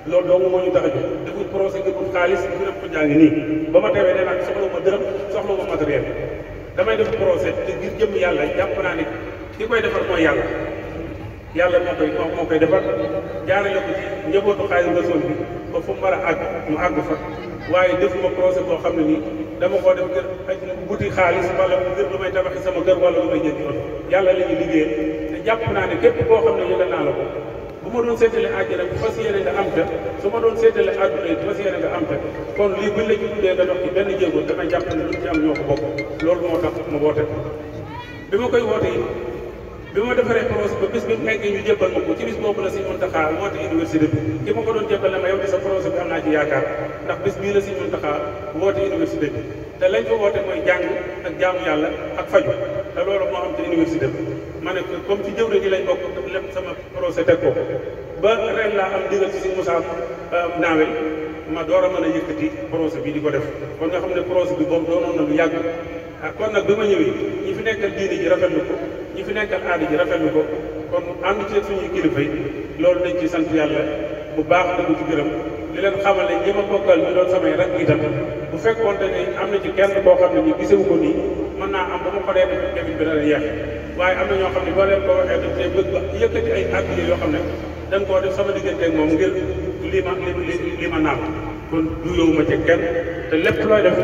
loolu doomu moo ñu tax a jóg deful procès deful xaalis dërëm ko jàngi nii ba ma teewee nee naa soxla ma dërëm soxla ma matériel damay def procès te ngir jëm yàlla jàpp naa ne ki koy defar mooy yàlla yàlla moo koy moo koy defar jaarale ko ci njabootu Xaadimu Rasuul bi ba fu mu war a àgg mu àgg fa waaye defuma projet boo xam ne nii dama koo def ngir aj wuti xaalis wala ngir lu may tabaxi sama kër wala lu may jënd yoon yàlla la liggéey te jàpp naa ne képp koo xam ne yëgal naa la ko bu ma doon seetale àjjana bu fas yéene nga am te su ma doon seetale àdduna yi bu fas yéene nga am te kon lii buñ la ci tuddee nga dox ci benn jéego damay jàpp ne lu ci am ñoo ko bokk loolu moo bi ma defaree projet ba bis bi mu nekkee ñu jébbal ma ko ci bis boobu la Sëriñ Muntaxa woote université bi ki ma ko doon jébbal ma yow di sa projet bi am naa ci yaakaar bi te lañ mooy jàng ak yàlla ak faju te loolu moo am ci université bi ma ne comme ci jëwriñ yi lañ bokk lépp sama projet teg ko laa am digal ci Sëriñ Moussa euh, Naawe ma door a mën a yëkkati projet bi di ko def kon nga xam ne projet bi boobu doonoon na lu yàgg ah, kon nag bi ma ñëwee ñi fi nekkal diine ji rafetlu ko ñi fi nekkal aada ji rafetlu ko kon ànd ci suñuy kilifa yi loolu dañ ci sant yàlla bu baax dëgg ci gërëm di leen xamal ne ñi ma bokkal ñu doon samay rak itam bu fekkoon te ne am na ci kenn boo xam ne ñu gisewu ko nii mën naa am ba ma ko dee def tamit bi dana yeex waaye am na ñoo xam boo leen ko waxee dañ cee bëgg yëkkati ay àgg yoo xam ne dañ koo def sama diggante ak moom ngir li ma li ma naam kon du yow ma ca kenn te lépp looy def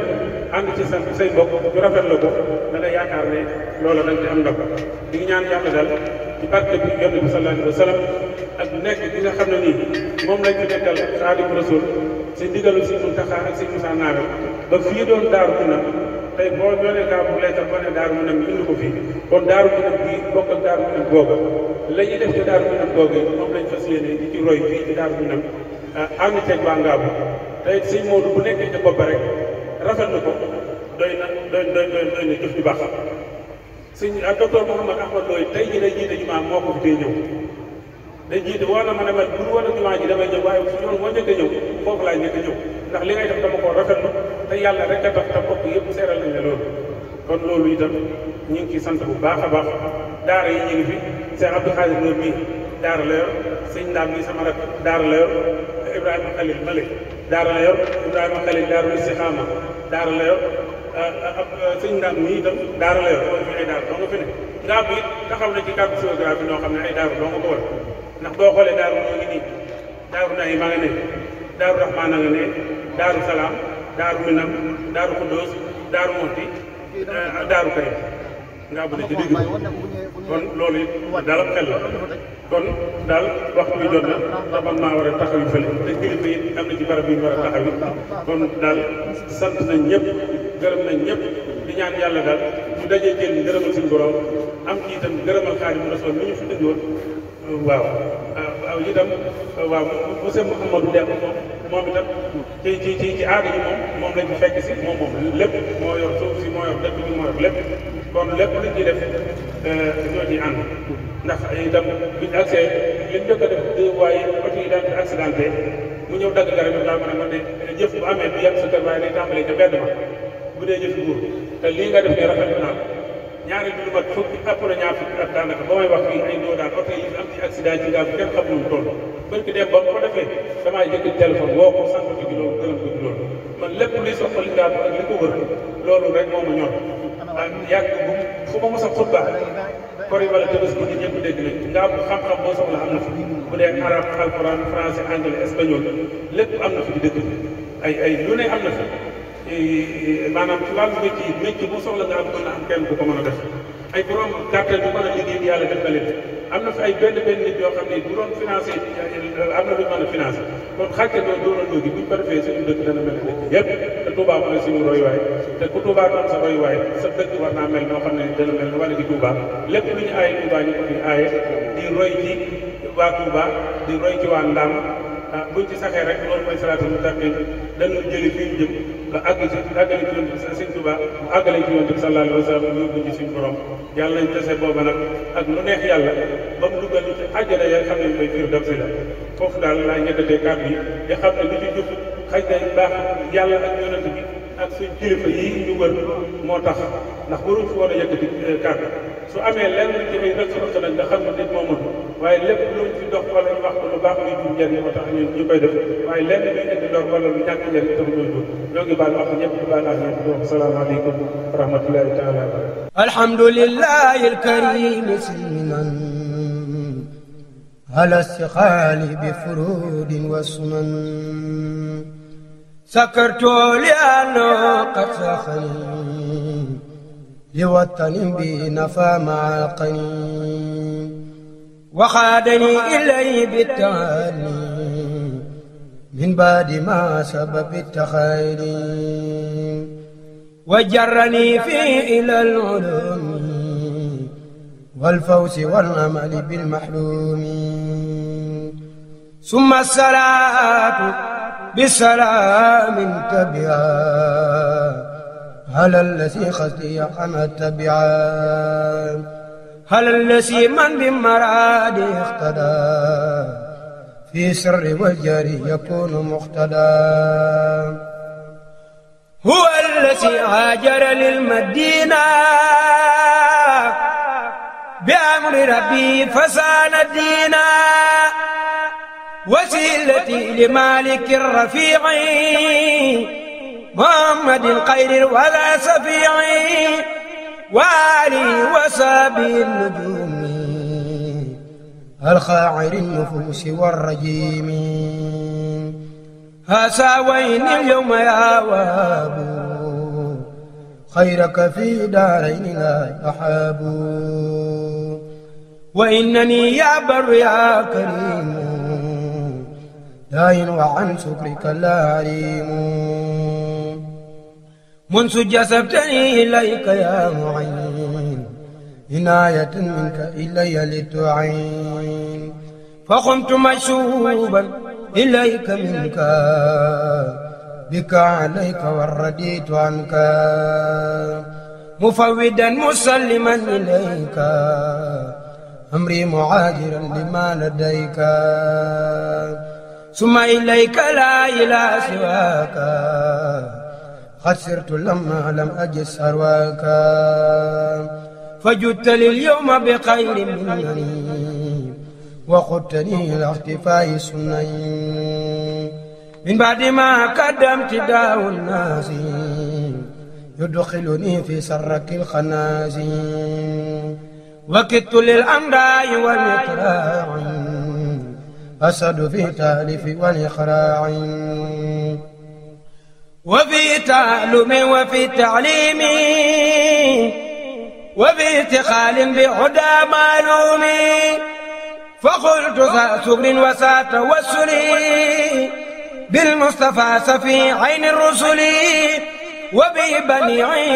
ànd ci sa say mbokk ñu rafetlu ko da nga yaakaar ne loola da nga ci am ndam di ñaan yàlla daal ci barke bi yonent bi sallallahu alayhi wa sallam ak nekk gi nga xam ne nii moom lañ fi nekkal Xaadimu Rasuul si ndigalu si Muntaxa ak si Musaa Naar ba fii doon daaru mu nag tey boo ñoonee gaa bu leetal boo ne daaru mu nag ko fii kon daaru mu a bii bokk ak daaru mu a googa la ñuy def ci daaru mu nag moom lañ fas yéene di ci roy fii ci daaru mu nag ànd ceeg waa Ngaabu tey sëñ Moodu bu nekkee ca bopp rek rafet na ko doy na doy doy doy na jëf ju baax sëñ ak docteur Mouhamed Looy tey jii day jiite jumaa moo ko fi tey ñëw day jiite woo na ma ne ma bu ñu woon ak jumaa ji damay ñëw a ñëw foofu laay njëkk a ñëw ndax li ngay def dama ko rafetlu te yàlla rek a tax te mbokk yëpp seeral nañ ne loolu kon loolu itam ñu ngi sant bu baax a baax daara yi ñu ngi fi Cheikh Abdou la yor sëñ Ndaam mi sama rak daara la yor Ibrahima Khalil Malik daara daara la yor ah, ah, ab ah, sëñ ndaam nii itam daara la yor wala fi ay daara doo nga fi ne ndaam bi taxaw na noo xam ne ay daara doo nga boole ndax doo xoolee daaru moo ngi nii daaru nayi maa ne daaru raxmaan a nga ne daaru salaam daaru daar daaru xuddoos daaru monti daaru karim ngaa bu ne ci digg kon loolu it daal xel la kon daal waxtu bi jot na te man maa war a taxaw fële te kilifa yi am na ci barab yu ñu war a taxaw yi kon daal sant nañ ñëpp gërëm nañ ñëpp di ñaan yàlla daal ñu dajee génn gërëmal suñu borom am ci itam gërëmal Xaadimu Rasuul mi ñu fi indiwoon waaw waaw itam waaw monsieur Mouhamadou Dem moom itam ci ci ci ci aada yi moom moom lañ fi fekk si moom moom lépp moo yor suuf si moo yor lépp kon lépp lu ñuy def euh, ñoo ci ànd ndax itam biñ accès liñ njëkk a def deux fois yi oto yi daan di accidenté mu ñëw dagg garab yi daa mën a ma de eh, jëf bu amee du yem sa kër waaye day benn ma bu dee jëf nguur nga def ne rafetlu naa ñaari bi lu mat fukki après ñaar fukki wax fii ay doo daan oto yi am ci accident ci gaal bi kenn xamul toll barki dem ba ko defee damaa jëkk téléphone woo ko sant ko ci loolu man lépp luy soxal gaal ak li ko wër loolu rek moo ma man yàgg bu fu ma mos a xutba kor yi wala tëbës bu nit ñëpp dégg nañ nga am xam-xam boo soxla am na fi bu dee arabe alquran français anglais espagnol lépp am na fi di dëkk ay ay lu ne am na fi maanaam ci wàllu métier métier boo soxla nga am mën na am kenn ku ko mën a def ay borom kàttan yu mën a liggéey yàlla def na leen am na fi ay benn benn nit yoo xam ne bu doon financé euh, am na lu mën a financé kon xàjjate doo doonandoo gi bu te ku Touba doon sa royuwaay sa dëkk war naa mel noo xam ne dana mel ne a di Touba lépp lu ñu aaye Touba ñu ko fi aaye di roy ci waa Touba di roy ci waa Ndam. bu ah, buñ ci saxee rek loolu mooy salaatul mustaqim dañu jëli fii ñu jëm ba àgg ci àggale ci yoon bi sëñ Tuba mu àggale ci yoon bi sallallahu alayhi wa sallam yóbbu ci yàlla nañ tase booba nag ak lu neex yàlla ba mu dugal ci àjjana ya xam ne mooy fiir dawsi la foofu daal laa ñettatee kàddu yi nga xam ne lu ci jub xaj na baax yàlla ak yonent bi ak suñ kilifa yi ñu wër moo tax ndax waruñ fi war a yëkkati kàddu su amee lenn ci ay rëq rëq nag nga xam ne nit moo mën waaye lépp luñ fi dox wala ñu wax ko lu baax luy jur njëriñ moo tax ñu ñu koy def waaye lenn ñu indi lor wala lu ñàkk njëriñ itam ñooy jóg ñoo ngi baal wax ñëpp di baal ak ñëpp di wax salaamaaleykum wa rahmatullahi taala alhamdulillahi alkarim sinan على السخال بفرود وسنن سكرت لأنه قد سخني لوطن بنفى نفى مع القنين وخادني إليه بالتهاني من بعد ما سبب التخيل وجرني فيه إلى العلوم والفوز والأمل بالمحلوم ثم الصلاة بسلام تبعا هل الذي خزي حمى تبعا هل الذي من بمراد اختدى في سر وجري يكون مقتدى هو الذي هاجر للمدينة بأمر ربي فسان الدينا وسيلتي لمالك الرفيع محمد الخير ولا سفيع والي وصحبه النجوم الخاعر النفوس والرجيم هساوين اليوم يا وابو خيرك في دارين لا أحاب وإنني يا بر يا كريم داين وعن سكرك شكرك العليم منذ جسبتني إليك يا معين إناية منك إلي لتعين فقمت مشوبا إليك منك بك عليك ورديت عنك مفودا مسلما إليك أمري معاجرا لما لديك ثم إليك لا إله سواك خسرت لما لم أجس أرواك فجدت لليوم بخير مني وقدتني إلى اختفاء سني من بعد ما قدمت داو الناس يدخلني في سرك الخنازي وكدت للأمراء والمتراعين أسد في تالف والإخراع وفي تعلم وفي التعليم وفي اتخال بهدى معلوم فقلت ذا سكر وسا توسل بالمصطفى سفي عين الرسل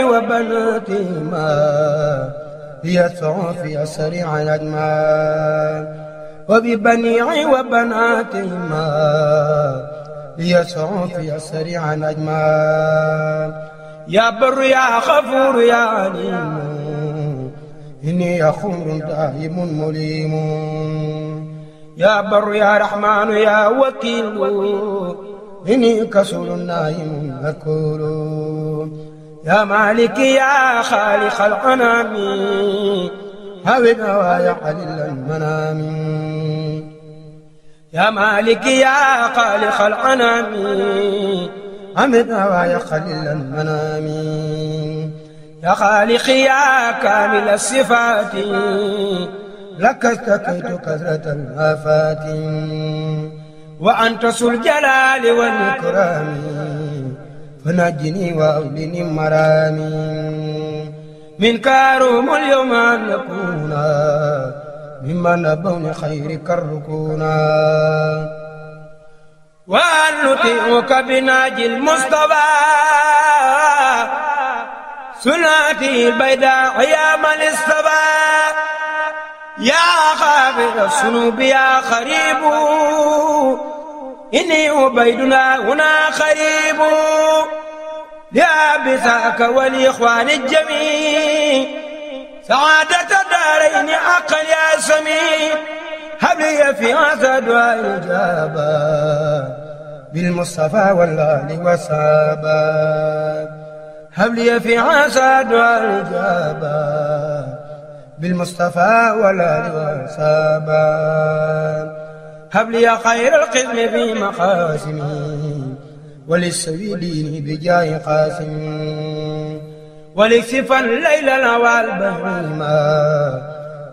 وبناتي ما يسعى في أسرع الأجمال وببنيع وبناتهما ليسعوا في سريع أجمال يا بر يا غفور يا عليم إني أخور دائم مليم يا بر يا رحمن يا وكيل إني كسول نائم أكول يا مالك يا خالق الأنام هبنا نوايا حليل المنام يا مالك يا خالق الأنام أمنا نوايا خليل المنام يا خالق يا كامل الصفات لك اشتكيت كثرة الآفات وأنت سو الجلال والإكرام فنجني وأولني مرامي من كارهم اليوم أن نكون ممن نبون خير كركونا وأن نطيعك بناجي المصطفى سنتي البيداء يا من اصطفى يا خافر الصنوب يا خريب إني عبيدنا هنا خريب لأبثاك والإخوان الجميع سعادة دارين عقل يا سمي هب لي في هذا دعاء الجابة بالمصطفى والآل وصحابة هب لي في هذا دعاء إجابة بالمصطفى والآل وصحابة هب لي خير القدم في مقاسمي وللسويدين بجاه قاسمي ولسف الليل الأوال بهيما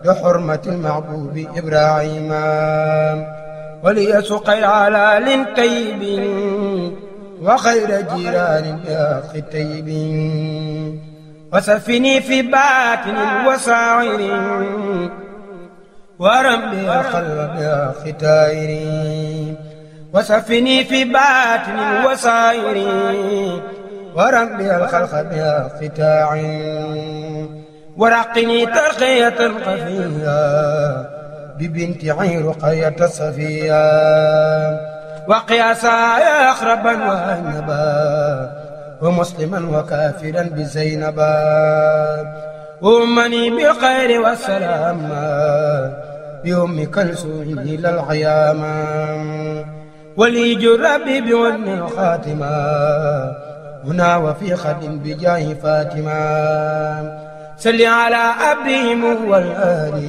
بحرمة المعبود إبراهيم وليسق العلال طيب وخير جيران يا طيب وسفني في باكن وساعر ورمي بها يا بأخ وسفني في باكن وساعر بها الخلق بها اقتاعي ورقني ترقية القفية ببنت عين رقية صفية وقياسا يا أخربا وأنبا ومسلما وكافرا بزينبا أمني بالخير والسلام بأم كلثوم إلى العيام ولي جربي بوني الخاتمة هنا وفي خد بجاه فاتما سل على أبهم والآل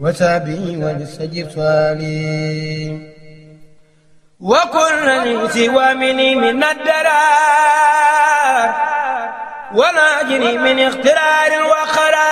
وسابه والسجر صالي وكن سوى مني من الدرار ولا جني من اخترار وخلال